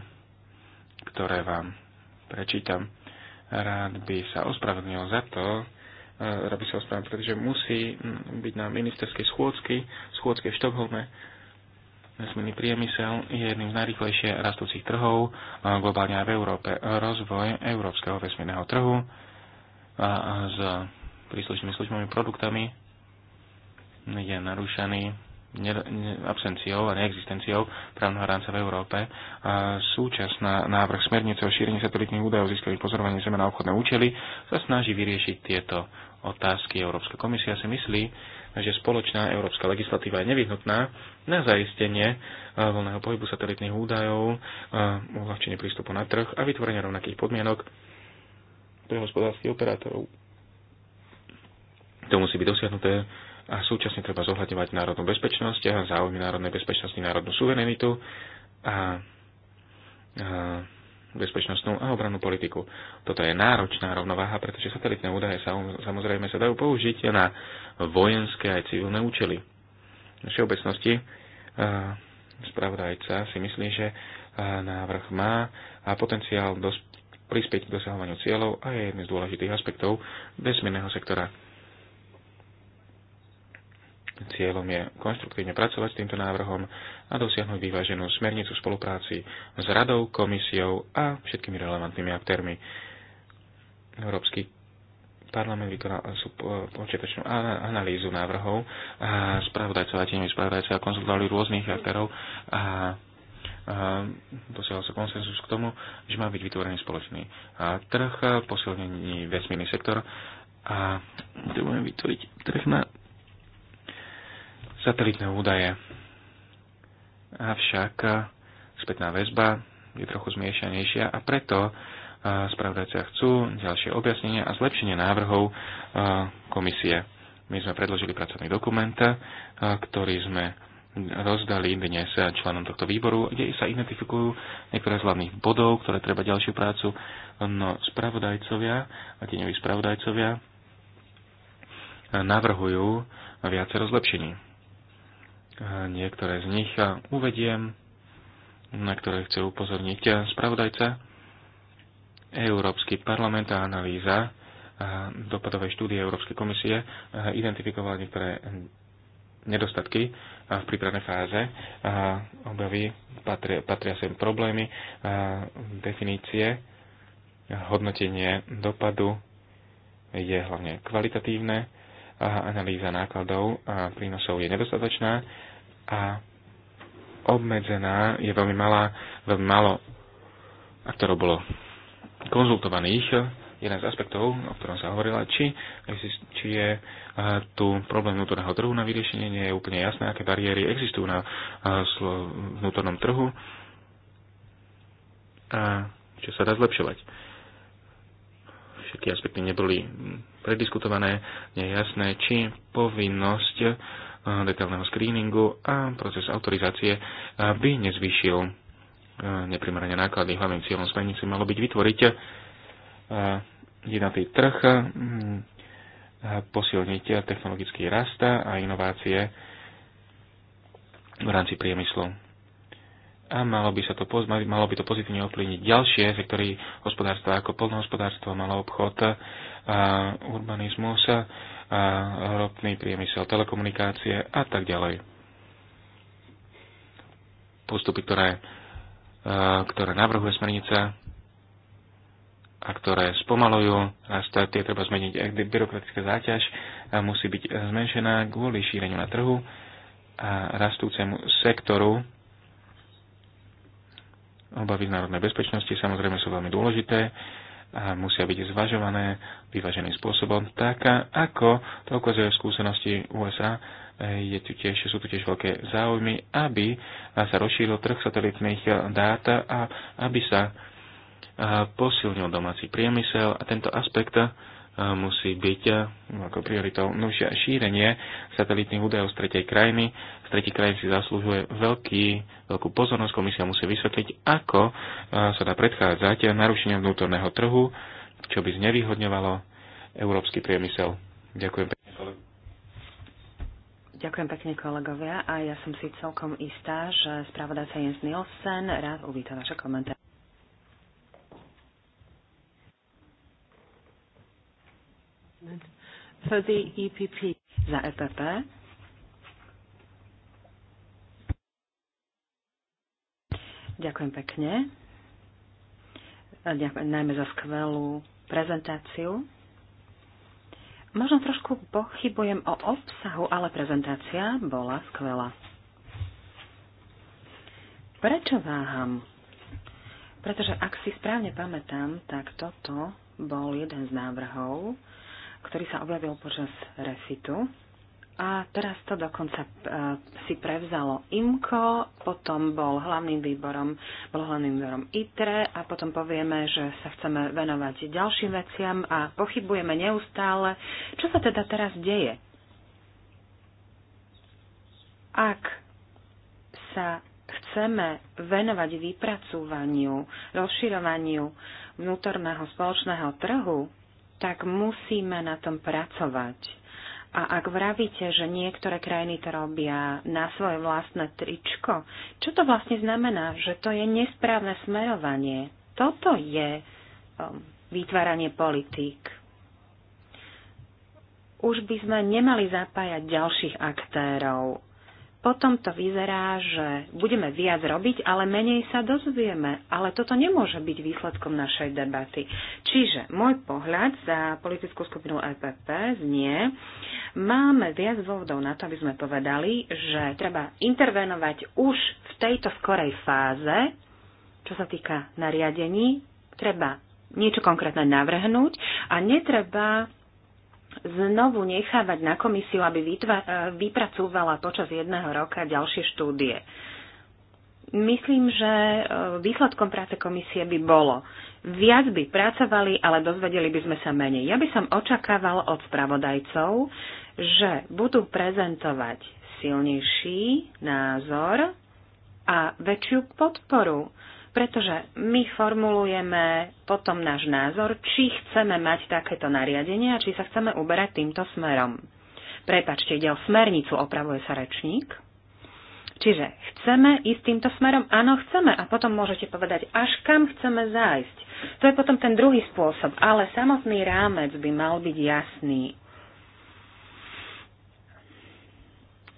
ktoré vám prečítam. Rád by sa ospravedlnil za to, eh, rád by sa ospravedlnil, pretože musí mm, byť na ministerskej schôdzky, schôdzke v Štokholme. Nesmírny priemysel je jedným z najrychlejšie rastúcich trhov eh, globálne aj v Európe. Rozvoj európskeho vesmírneho trhu a, s príslušnými službami, produktami je narušený absenciou a neexistenciou právneho rámca v Európe. A súčasná návrh smernice o šírení satelitných údajov získali pozorovanie Zeme na obchodné účely sa snaží vyriešiť tieto otázky. Európska komisia si myslí, že spoločná európska legislatíva je nevyhnutná na zaistenie e, voľného pohybu satelitných údajov, e, uľahčenie prístupu na trh a vytvorenie rovnakých podmienok pre hospodárskych operátorov. To musí byť dosiahnuté a súčasne treba zohľadňovať národnú bezpečnosť a záujmy národnej bezpečnosti, národnú suverenitu a, a bezpečnostnú a obrannú politiku. Toto je náročná rovnováha, pretože satelitné údaje sa, um- samozrejme sa dajú použiť na vojenské aj civilné účely. V všeobecnosti spravodajca si myslí, že návrh má a potenciál dosť prispieť k dosahovaniu cieľov a je jedným z dôležitých aspektov vesmírneho sektora. Cieľom je konštruktívne pracovať s týmto návrhom a dosiahnuť vyváženú smernicu spolupráci s radou, komisiou a všetkými relevantnými aktérmi. Európsky parlament vykonal e, počiatočnú analýzu návrhov a spravodajcovia, tieňoví a konzultovali rôznych aktérov a dosiahol sa konsensus k tomu, že má byť vytvorený spoločný trh, posilnený vesmírny sektor a budeme vytvoriť trh na satelitné údaje. Avšak spätná väzba je trochu zmiešanejšia a preto spravodajcia chcú ďalšie objasnenia a zlepšenie návrhov komisie. My sme predložili pracovný dokument, ktorý sme rozdali dnes členom tohto výboru, kde sa identifikujú niektoré z hlavných bodov, ktoré treba ďalšiu prácu. No, spravodajcovia a tieňoví spravodajcovia navrhujú viacero zlepšení. Niektoré z nich uvediem, na ktoré chce upozorniť spravodajca. Európsky parlament a analýza dopadovej štúdie Európskej komisie identifikovala niektoré nedostatky v prípravnej fáze obavy, patria, patria sem problémy, definície, hodnotenie dopadu je hlavne kvalitatívne, a analýza nákladov a prínosov je nedostatočná a obmedzená je veľmi malá, veľmi málo aktorov bolo konzultovaných jeden z aspektov, o ktorom sa hovorila, či, či je e, tu problém vnútorného trhu na vyriešenie, nie je úplne jasné, aké bariéry existujú na e, vnútornom trhu a čo sa dá zlepšovať. Všetky aspekty neboli prediskutované, nie je jasné, či povinnosť e, detailného screeningu a proces autorizácie by nezvýšil neprimerane náklady. Hlavným cieľom smernice malo byť vytvoriť jednotý trh, mm, posilniť technologický rast a inovácie v rámci priemyslu. A malo by, sa to, malo by to pozitívne ovplyvniť ďalšie sektory hospodárstva ako polnohospodárstvo, malý obchod, urbanizmus, ropný priemysel, telekomunikácie a tak ďalej. Postupy, ktoré, ktoré navrhuje smernica, a ktoré spomalujú a tie treba zmeniť. Byrokratická záťaž musí byť e, zmenšená kvôli šíreniu na trhu a rastúcemu sektoru. Obavy z národnej bezpečnosti samozrejme sú veľmi dôležité a musia byť zvažované vyvaženým spôsobom, tak ako to ukazuje v skúsenosti USA, e, je tu tiež, sú tu tiež veľké záujmy, aby sa rozšíril trh satelitných dát a aby sa posilnil domáci priemysel a tento aspekt musí byť no, ako prioritou. No šírenie satelitných údajov z tretej krajiny, z tretej krajiny si zaslúžuje veľký, veľkú pozornosť. Komisia musí vysvetliť, ako sa dá predchádzať narušeniam vnútorného trhu, čo by znevýhodňovalo európsky priemysel. Ďakujem pekne, Ďakujem pekne, kolegovia. A ja som si celkom istá, že spravodajca Jens Nielsen rád uvíta vaše komentáre. for the EPP. Za EPP. Ďakujem pekne. ďakujem najmä za skvelú prezentáciu. Možno trošku pochybujem o obsahu, ale prezentácia bola skvelá. Prečo váham? Pretože ak si správne pamätám, tak toto bol jeden z návrhov, ktorý sa objavil počas refitu. A teraz to dokonca e, si prevzalo IMKO, potom bol hlavným výborom, bol hlavným výborom ITRE a potom povieme, že sa chceme venovať ďalším veciam a pochybujeme neustále. Čo sa teda teraz deje? Ak sa chceme venovať vypracúvaniu, rozširovaniu vnútorného spoločného trhu, tak musíme na tom pracovať. A ak vravíte, že niektoré krajiny to robia na svoje vlastné tričko, čo to vlastne znamená? Že to je nesprávne smerovanie. Toto je um, vytváranie politík. Už by sme nemali zapájať ďalších aktérov potom to vyzerá, že budeme viac robiť, ale menej sa dozvieme. Ale toto nemôže byť výsledkom našej debaty. Čiže môj pohľad za politickú skupinu EPP znie, máme viac dôvodov na to, aby sme povedali, že treba intervenovať už v tejto skorej fáze, čo sa týka nariadení, treba niečo konkrétne navrhnúť a netreba znovu nechávať na komisiu, aby e, vypracúvala počas jedného roka ďalšie štúdie. Myslím, že e, výsledkom práce komisie by bolo. Viac by pracovali, ale dozvedeli by sme sa menej. Ja by som očakával od spravodajcov, že budú prezentovať silnejší názor a väčšiu podporu pretože my formulujeme potom náš názor, či chceme mať takéto nariadenie a či sa chceme uberať týmto smerom. Prepačte, ide o smernicu, opravuje sa rečník. Čiže chceme ísť týmto smerom? Áno, chceme. A potom môžete povedať, až kam chceme zájsť. To je potom ten druhý spôsob. Ale samotný rámec by mal byť jasný.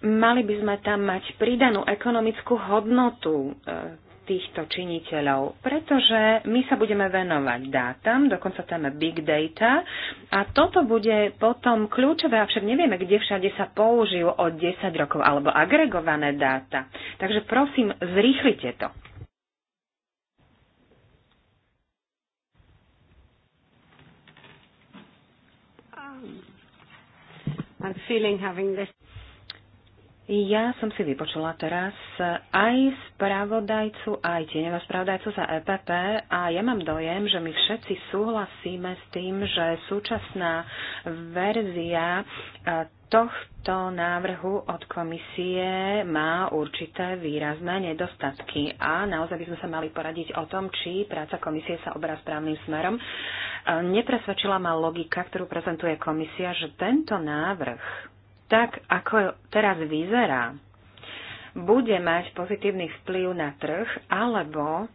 Mali by sme tam mať pridanú ekonomickú hodnotu e, týchto činiteľov, pretože my sa budeme venovať dátam, dokonca téme big data a toto bude potom kľúčové, avšak nevieme, kde všade sa použijú od 10 rokov alebo agregované dáta. Takže prosím, zrýchlite to. I'm feeling having this ja som si vypočula teraz aj spravodajcu, aj tieňového spravodajcu za EPP a ja mám dojem, že my všetci súhlasíme s tým, že súčasná verzia e, tohto návrhu od komisie má určité výrazné nedostatky a naozaj by sme sa mali poradiť o tom, či práca komisie sa oberá správnym smerom. E, nepresvedčila ma logika, ktorú prezentuje komisia, že tento návrh tak ako teraz vyzerá, bude mať pozitívny vplyv na trh alebo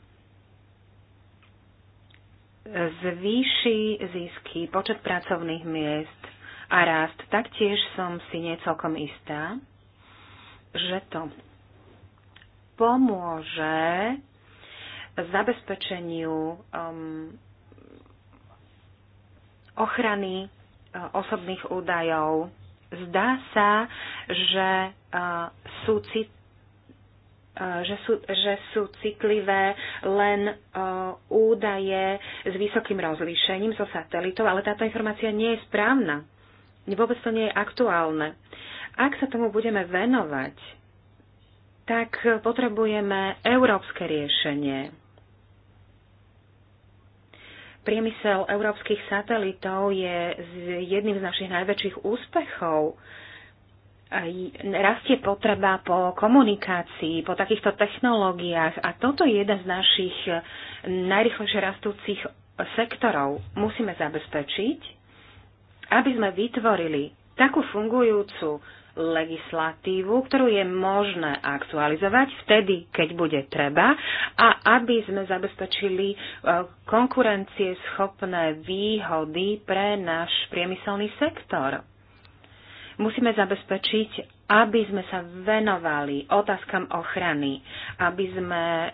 zvýši zisky, počet pracovných miest a rast. Taktiež som si niecelkom istá, že to pomôže zabezpečeniu um, ochrany uh, osobných údajov Zdá sa, že eh, sú citlivé eh, že sú, že sú citlivé len eh, údaje s vysokým rozlíšením zo so satelitov, ale táto informácia nie je správna. Vôbec to nie je aktuálne. Ak sa tomu budeme venovať, tak potrebujeme európske riešenie. Priemysel európskych satelitov je jedným z našich najväčších úspechov. Rastie potreba po komunikácii, po takýchto technológiách a toto je jeden z našich najrychlejšie rastúcich sektorov. Musíme zabezpečiť, aby sme vytvorili takú fungujúcu legislatívu, ktorú je možné aktualizovať vtedy, keď bude treba a aby sme zabezpečili e, schopné výhody pre náš priemyselný sektor. Musíme zabezpečiť, aby sme sa venovali otázkam ochrany, aby sme e,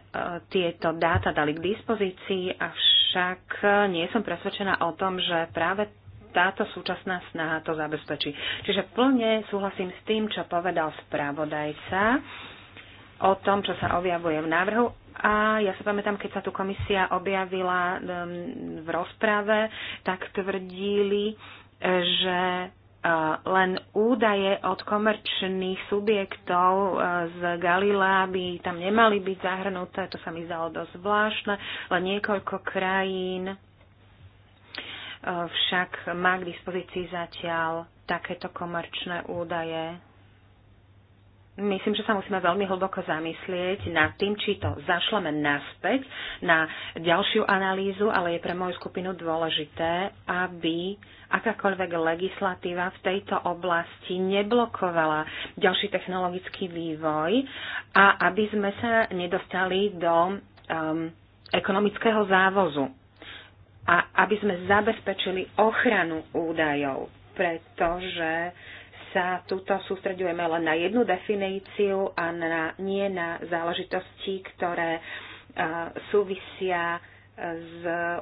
tieto dáta dali k dispozícii, avšak nie som presvedčená o tom, že práve táto súčasná snaha to zabezpečí. Čiže plne súhlasím s tým, čo povedal spravodajca o tom, čo sa objavuje v návrhu. A ja sa pamätám, keď sa tu komisia objavila um, v rozprave, tak tvrdili, že uh, len údaje od komerčných subjektov uh, z Galilea by tam nemali byť zahrnuté, to sa mi zdalo dosť zvláštne, len niekoľko krajín však má k dispozícii zatiaľ takéto komerčné údaje. Myslím, že sa musíme veľmi hlboko zamyslieť nad tým, či to zašleme naspäť na ďalšiu analýzu, ale je pre moju skupinu dôležité, aby akákoľvek legislatíva v tejto oblasti neblokovala ďalší technologický vývoj a aby sme sa nedostali do um, ekonomického závozu a aby sme zabezpečili ochranu údajov, pretože sa tuto sústredujeme len na jednu definíciu a na, nie na záležitosti, ktoré uh, súvisia e, s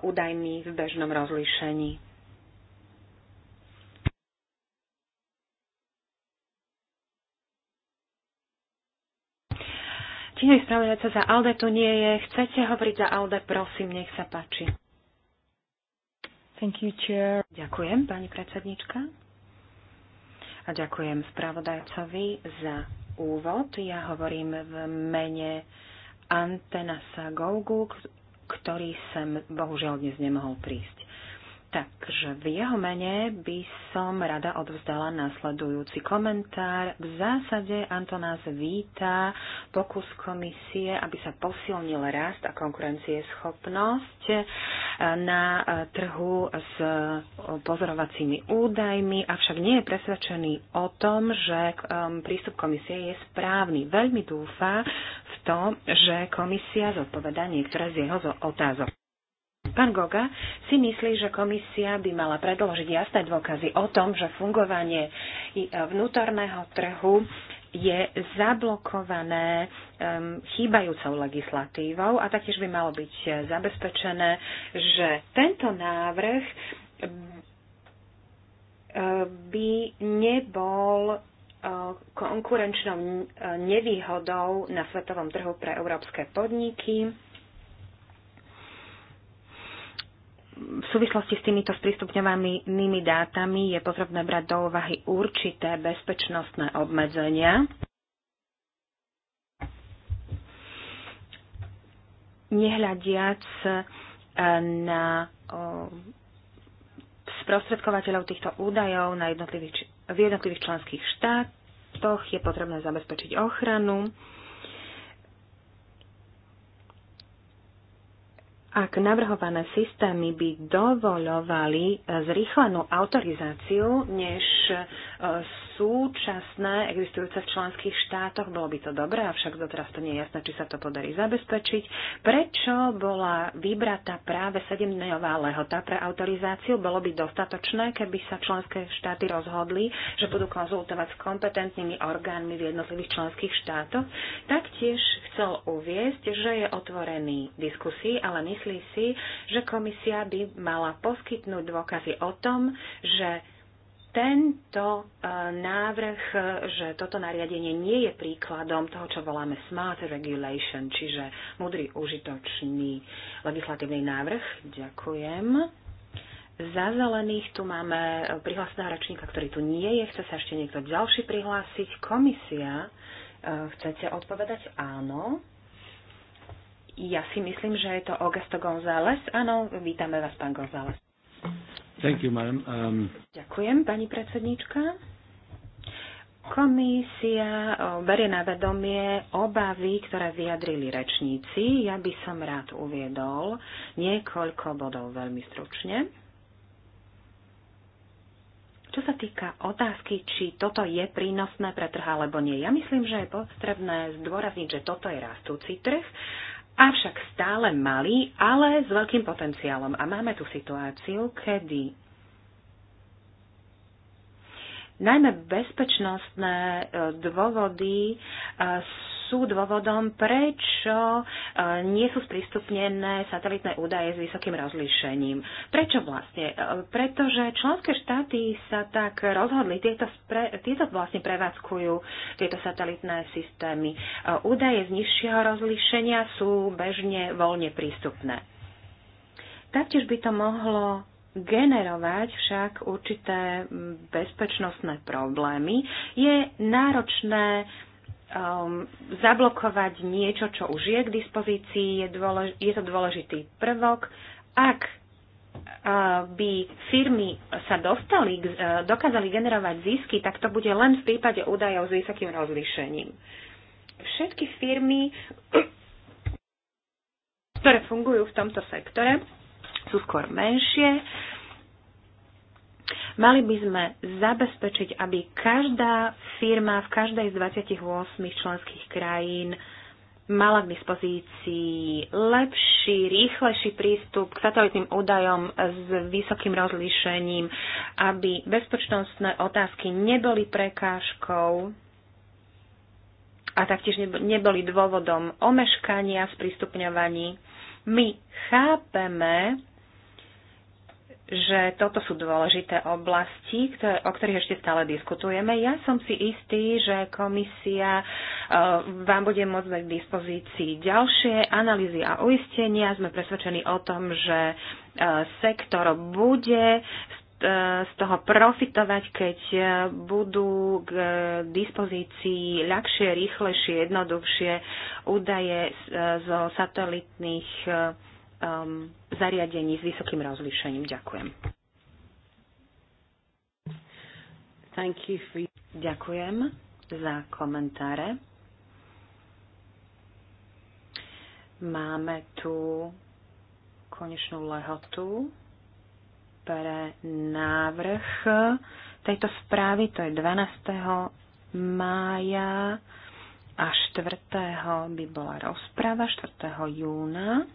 údajmi v bežnom rozlíšení. Tiež spravodajca za Alde tu nie je. Chcete hovoriť za Alde? Prosím, nech sa páči. Thank you, chair. Ďakujem, pani predsednička. A ďakujem spravodajcovi za úvod. Ja hovorím v mene Antenasa Golgu, ktorý sem bohužiaľ dnes nemohol prísť. Takže v jeho mene by som rada odvzdala nasledujúci komentár. V zásade Antonás víta pokus komisie, aby sa posilnil rast a konkurencieschopnosť eh, na eh, trhu s eh, pozorovacími údajmi, avšak nie je presvedčený o tom, že prístup komisie je správny. Veľmi dúfa v to, že komisia zodpoveda niektoré z jeho otázok. Pán Goga si myslí, že komisia by mala predložiť jasné dôkazy o tom, že fungovanie e, vnútorného trhu je zablokované um, chýbajúcou legislatívou a taktiež by malo byť e, zabezpečené, že tento návrh e, by nebol konkurenčnou nevýhodou na svetovom trhu pre európske podniky v súvislosti s týmito sprístupňovanými dátami je potrebné brať do úvahy určité bezpečnostné obmedzenia. Nehľadiac e, na sprostredkovateľov týchto údajov na jednotlivých, v jednotlivých členských štátoch je potrebné zabezpečiť ochranu Ak navrhované systémy by dovolovali eh, zrýchlenú autorizáciu, než eh, súčasné, existujúce v členských štátoch. Bolo by to dobré, avšak doteraz to nie je jasné, či sa to podarí zabezpečiť. Prečo bola vybratá práve 7-dňová lehota pre autorizáciu? Bolo by dostatočné, keby sa členské štáty rozhodli, že budú konzultovať s kompetentnými orgánmi v jednotlivých členských štátoch. Taktiež chcel uviezť, že je otvorený diskusii, ale myslí si, že komisia by mala poskytnúť dôkazy o tom, že tento e, návrh, e, že toto nariadenie nie je príkladom toho, čo voláme smart regulation, čiže mudrý užitočný legislatívny návrh. Ďakujem. Za zelených tu máme prihláseného rečníka, ktorý tu nie je. Chce sa ešte niekto ďalší prihlásiť. Komisia, e, chcete odpovedať áno? Ja si myslím, že je to Augusto González. Áno, vítame vás, pán González. Thank you, madam. Um... Ďakujem, pani predsedníčka. Komisia berie na vedomie obavy, ktoré vyjadrili rečníci. Ja by som rád uviedol niekoľko bodov veľmi stručne. Čo sa týka otázky, či toto je prínosné pre trh alebo nie, ja myslím, že je potrebné zdôrazniť, že toto je rastúci trh avšak stále malý, ale s veľkým potenciálom. A máme tu situáciu, kedy najmä bezpečnostné e, dôvody e, sú dôvodom, prečo e, nie sú sprístupnené satelitné údaje s vysokým rozlíšením. Prečo vlastne? E, pretože členské štáty sa tak rozhodli, tieto, spre, tieto vlastne prevádzkujú tieto satelitné systémy. E, údaje z nižšieho rozlíšenia sú bežne voľne prístupné. Taktiež by to mohlo generovať však určité bezpečnostné problémy. Je náročné um, zablokovať niečo, čo už je k dispozícii, je, dôlež- je to dôležitý prvok. Ak uh, by firmy sa dostali, uh, dokázali generovať zisky, tak to bude len v prípade údajov s vysokým rozlíšením. Všetky firmy, ktoré fungujú v tomto sektore, sú skôr menšie Mali by sme zabezpečiť, aby každá firma v každej z 28 členských krajín mala k dispozícii lepší, rýchlejší prístup k satelitným údajom s vysokým rozlíšením, aby bezpečnostné otázky neboli prekážkou a taktiež neboli dôvodom omeškania v My chápeme že toto sú dôležité oblasti, ktoré, o ktorých ešte stále diskutujeme. Ja som si istý, že komisia e, vám bude môcť dať k dispozícii ďalšie analýzy a uistenia. Sme presvedčení o tom, že e, sektor bude e, z toho profitovať, keď budú k dispozícii ľahšie, rýchlejšie, jednoduchšie údaje zo satelitných um, zariadení s vysokým rozlíšením. Ďakujem. Thank you for... Ďakujem za komentáre. Máme tu konečnú lehotu pre návrh tejto správy, to je 12. mája a 4. by bola rozpráva, 4. júna.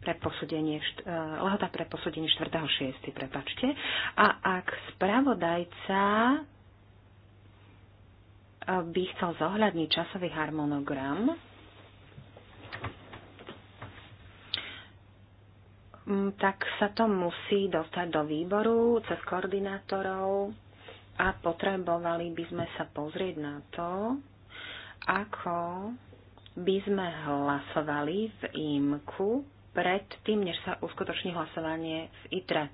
pre posúdenie, e, lehota pre posúdenie 4.6. prepačte. A ak spravodajca e, by chcel zohľadniť časový harmonogram, tak sa to musí dostať do výboru cez koordinátorov a potrebovali by sme sa pozrieť na to, ako by sme hlasovali v IMKU pred tým, než sa uskutoční hlasovanie v ITRE.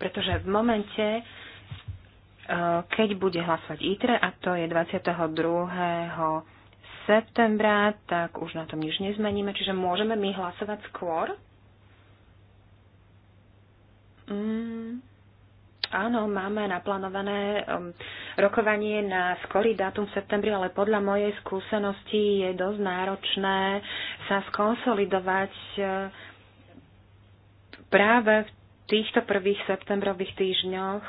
Pretože v momente, e, keď bude hlasovať ITRE, a to je 22 septembra, tak už na tom nič nezmeníme. Čiže môžeme my hlasovať skôr? Mm. Áno, máme naplánované um, rokovanie na skorý dátum v septembri, ale podľa mojej skúsenosti je dosť náročné sa skonsolidovať uh, práve v týchto prvých septembrových týždňoch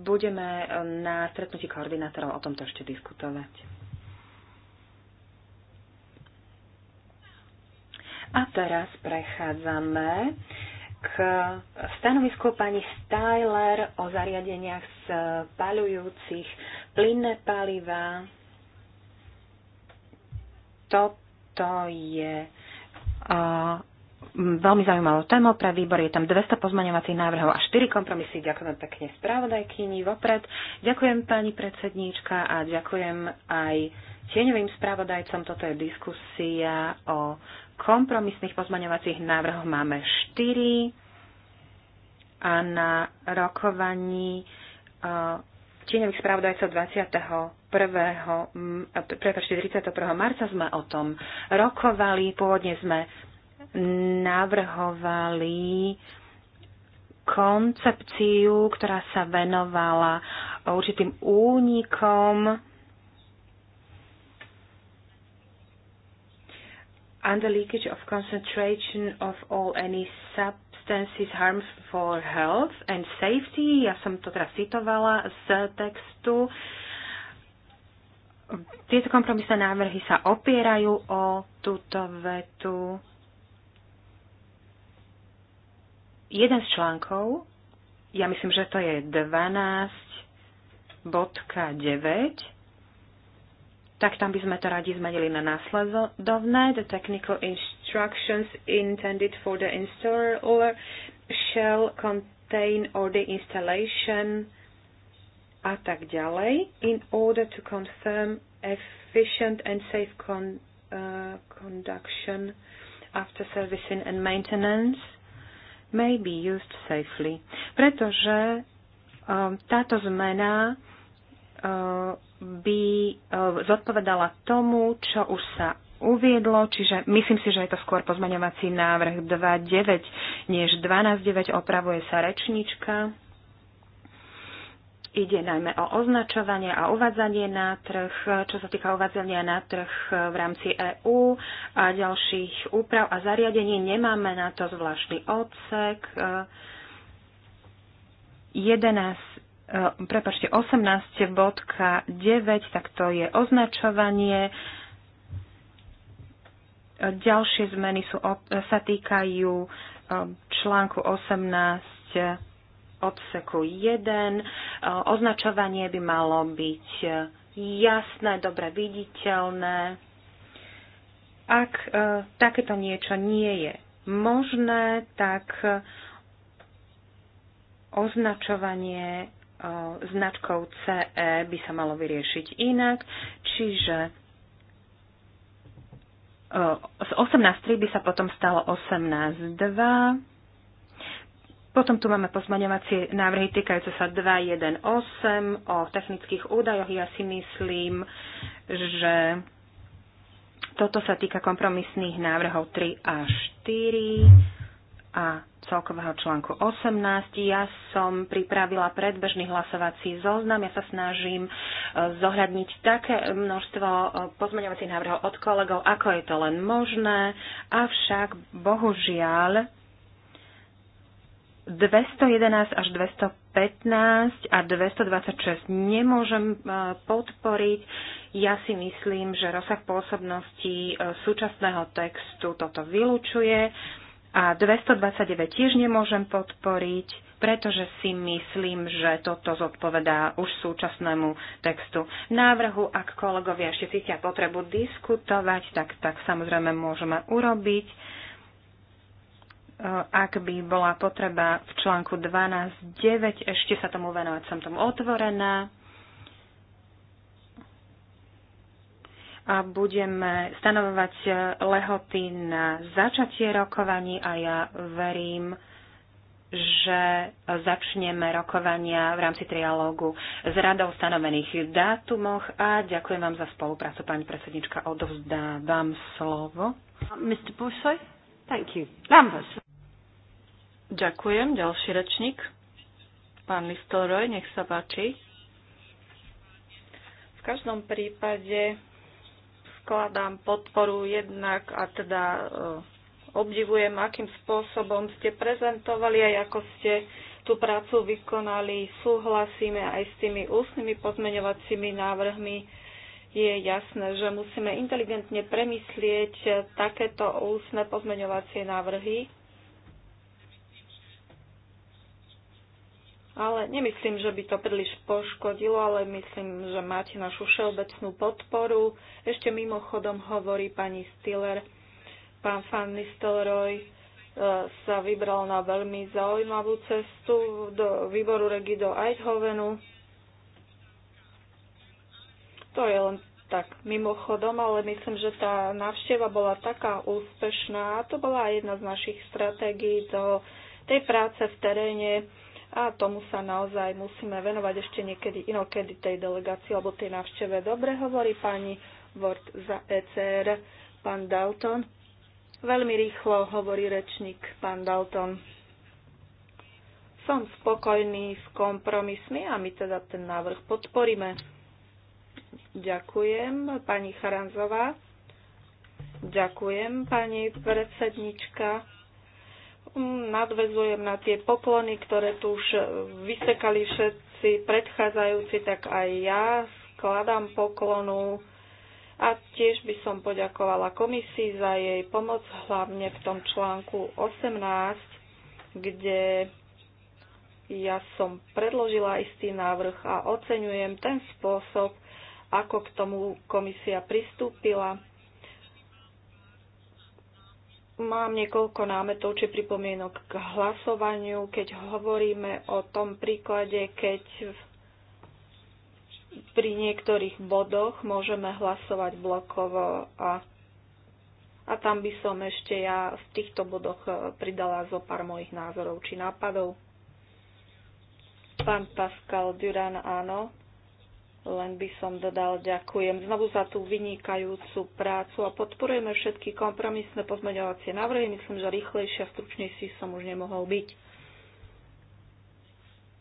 budeme um, na stretnutí koordinátorov o tomto ešte diskutovať. A teraz prechádzame k stanovisku pani Styler o zariadeniach spalujúcich plynné paliva. Toto je uh, veľmi zaujímavou témou pre výbor. Je tam 200 pozmaňovacích návrhov a 4 kompromisy. Ďakujem pekne spravodajkyni vopred. Ďakujem pani predsedníčka a ďakujem aj tieňovým spravodajcom. Toto je diskusia o kompromisných pozmaňovacích návrhov máme 4 a na rokovaní e, tieňových správodajcov 21. 31. marca sme o tom rokovali. Pôvodne sme navrhovali koncepciu, ktorá sa venovala určitým únikom under leakage of concentration of all any substances harmful for health and safety. Ja som to teraz citovala z textu. Tieto kompromisné návrhy sa opierajú o túto vetu. Jeden z článkov, ja myslím, že to je 12.9, tak tam by sme to radi zmenili na následovné. The technical instructions intended for the installer shall contain or the installation a tak ďalej in order to confirm efficient and safe con, uh, conduction after servicing and maintenance may be used safely. Pretože um, táto zmena uh, by e, zodpovedala tomu, čo už sa uviedlo, čiže myslím si, že je to skôr pozmaňovací návrh 2.9 než 12.9, opravuje sa rečnička. Ide najmä o označovanie a uvádzanie na trh, čo sa týka uvádzania na trh v rámci EÚ a ďalších úprav a zariadení. Nemáme na to zvláštny odsek. 11 e, prepačte, 18.9, tak to je označovanie. Ďalšie zmeny sú, sa týkajú e, článku 18 odseku 1. E, označovanie by malo byť e, jasné, dobre viditeľné. Ak takéto niečo nie je možné, tak označovanie značkou CE by sa malo vyriešiť inak, čiže e, z 18.3 by sa potom stalo 18.2. Potom tu máme pozmaňovacie návrhy týkajúce sa 2.1.8 o technických údajoch. Ja si myslím, že toto sa týka kompromisných návrhov 3 a 4 a celkového článku 18. Ja som pripravila predbežný hlasovací zoznam. Ja sa snažím e, zohľadniť také množstvo e, pozmeňovacích návrhov od kolegov, ako je to len možné. Avšak, bohužiaľ, 211 až 215 a 226 nemôžem e, podporiť. Ja si myslím, že rozsah pôsobnosti súčasného textu toto vylučuje a 229 tiež nemôžem podporiť, pretože si myslím, že toto zodpovedá už súčasnému textu návrhu. Ak kolegovia ešte cítia potrebu diskutovať, tak, tak samozrejme môžeme urobiť. E, ak by bola potreba v článku 12.9 ešte sa tomu venovať, som tomu otvorená. a budeme stanovovať e, lehoty na začatie rokovaní a ja verím, že začneme rokovania v rámci trialógu s radou stanovených dátumoch a ďakujem vám za spoluprácu, pani predsednička. Odovzdávam slovo. Mr. Bursoy, thank you. Lambert. Ďakujem. Ďalší rečník. Pán Listoroj, nech sa páči. V každom prípade skladám podporu jednak a teda eh, obdivujem, akým spôsobom ste prezentovali aj ako ste tú prácu vykonali. Súhlasíme aj s tými ústnymi pozmeňovacími návrhmi. Je jasné, že musíme inteligentne premyslieť takéto ústne pozmeňovacie návrhy, ale nemyslím, že by to príliš poškodilo, ale myslím, že máte našu všeobecnú podporu. Ešte mimochodom hovorí pani Stiller, pán Fanny Stelroy e, sa vybral na veľmi zaujímavú cestu do výboru regi do Eidhovenu. To je len tak mimochodom, ale myslím, že tá návšteva bola taká úspešná a to bola jedna z našich stratégií do tej práce v teréne, a tomu sa naozaj musíme venovať ešte niekedy inokedy tej delegácii alebo tej návšteve. Dobre hovorí pani Word za ECR, pán Dalton. Veľmi rýchlo hovorí rečník pán Dalton. Som spokojný s kompromismi a my teda ten návrh podporíme. Ďakujem, pani Charanzová. Ďakujem, pani predsednička nadvezujem na tie poklony, ktoré tu už vysekali všetci predchádzajúci, tak aj ja skladám poklonu a tiež by som poďakovala komisii za jej pomoc, hlavne v tom článku 18, kde ja som predložila istý návrh a oceňujem ten spôsob, ako k tomu komisia pristúpila. Mám niekoľko námetov či pripomienok k hlasovaniu, keď hovoríme o tom príklade, keď pri niektorých bodoch môžeme hlasovať blokovo a, a tam by som ešte ja v týchto bodoch e, pridala zo pár mojich názorov či nápadov. Pán Pascal Duran, áno. Len by som dodal ďakujem znovu za tú vynikajúcu prácu a podporujeme všetky kompromisné pozmeňovacie návrhy. Myslím, že rýchlejšie a stručnejší som už nemohol byť.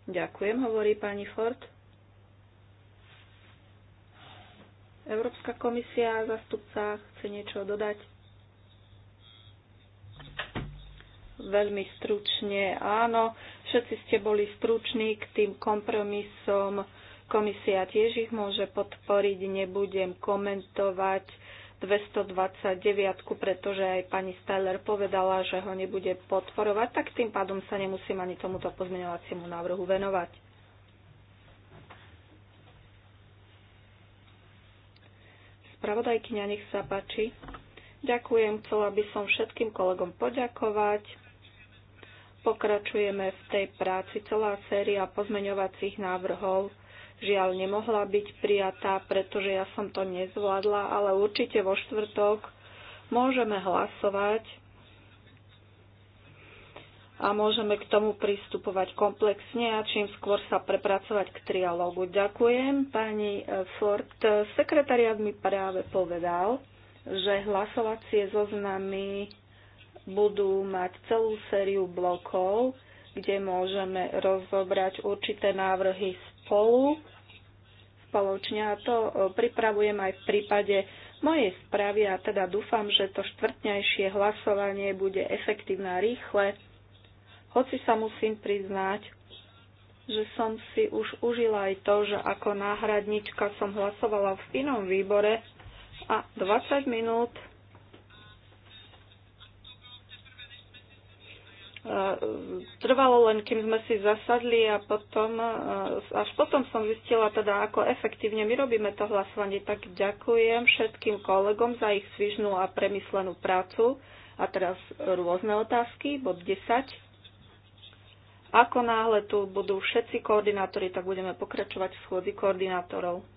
Ďakujem, hovorí pani Ford. Európska komisia, zastupca, chce niečo dodať? Veľmi stručne, áno. Všetci ste boli struční k tým kompromisom Komisia tiež ich môže podporiť, nebudem komentovať 229, pretože aj pani Steller povedala, že ho nebude podporovať, tak tým pádom sa nemusím ani tomuto pozmeňovaciemu návrhu venovať. Spravodajkyňa, nech sa páči. Ďakujem, chcela by som všetkým kolegom poďakovať. Pokračujeme v tej práci. Celá séria pozmeňovacích návrhov žiaľ nemohla byť prijatá, pretože ja som to nezvládla, ale určite vo štvrtok môžeme hlasovať a môžeme k tomu pristupovať komplexne a čím skôr sa prepracovať k trialógu. Ďakujem. Pani eh, Ford, sekretariat mi práve povedal, že hlasovacie zoznamy budú mať celú sériu blokov, kde môžeme rozobrať určité návrhy spolu spoločne a to e, pripravujem aj v prípade mojej správy a teda dúfam, že to štvrtnejšie hlasovanie bude efektívne a rýchle. Hoci sa musím priznať, že som si už užila aj to, že ako náhradnička som hlasovala v inom výbore a 20 minút Eh, trvalo len, kým sme si zasadli a potom, eh, až potom som zistila teda, ako efektívne my robíme to hlasovanie. Tak ďakujem všetkým kolegom za ich svižnú a premyslenú prácu. A teraz rôzne otázky, bod 10. Ako náhle tu budú všetci koordinátori, tak budeme pokračovať v schôdzi koordinátorov.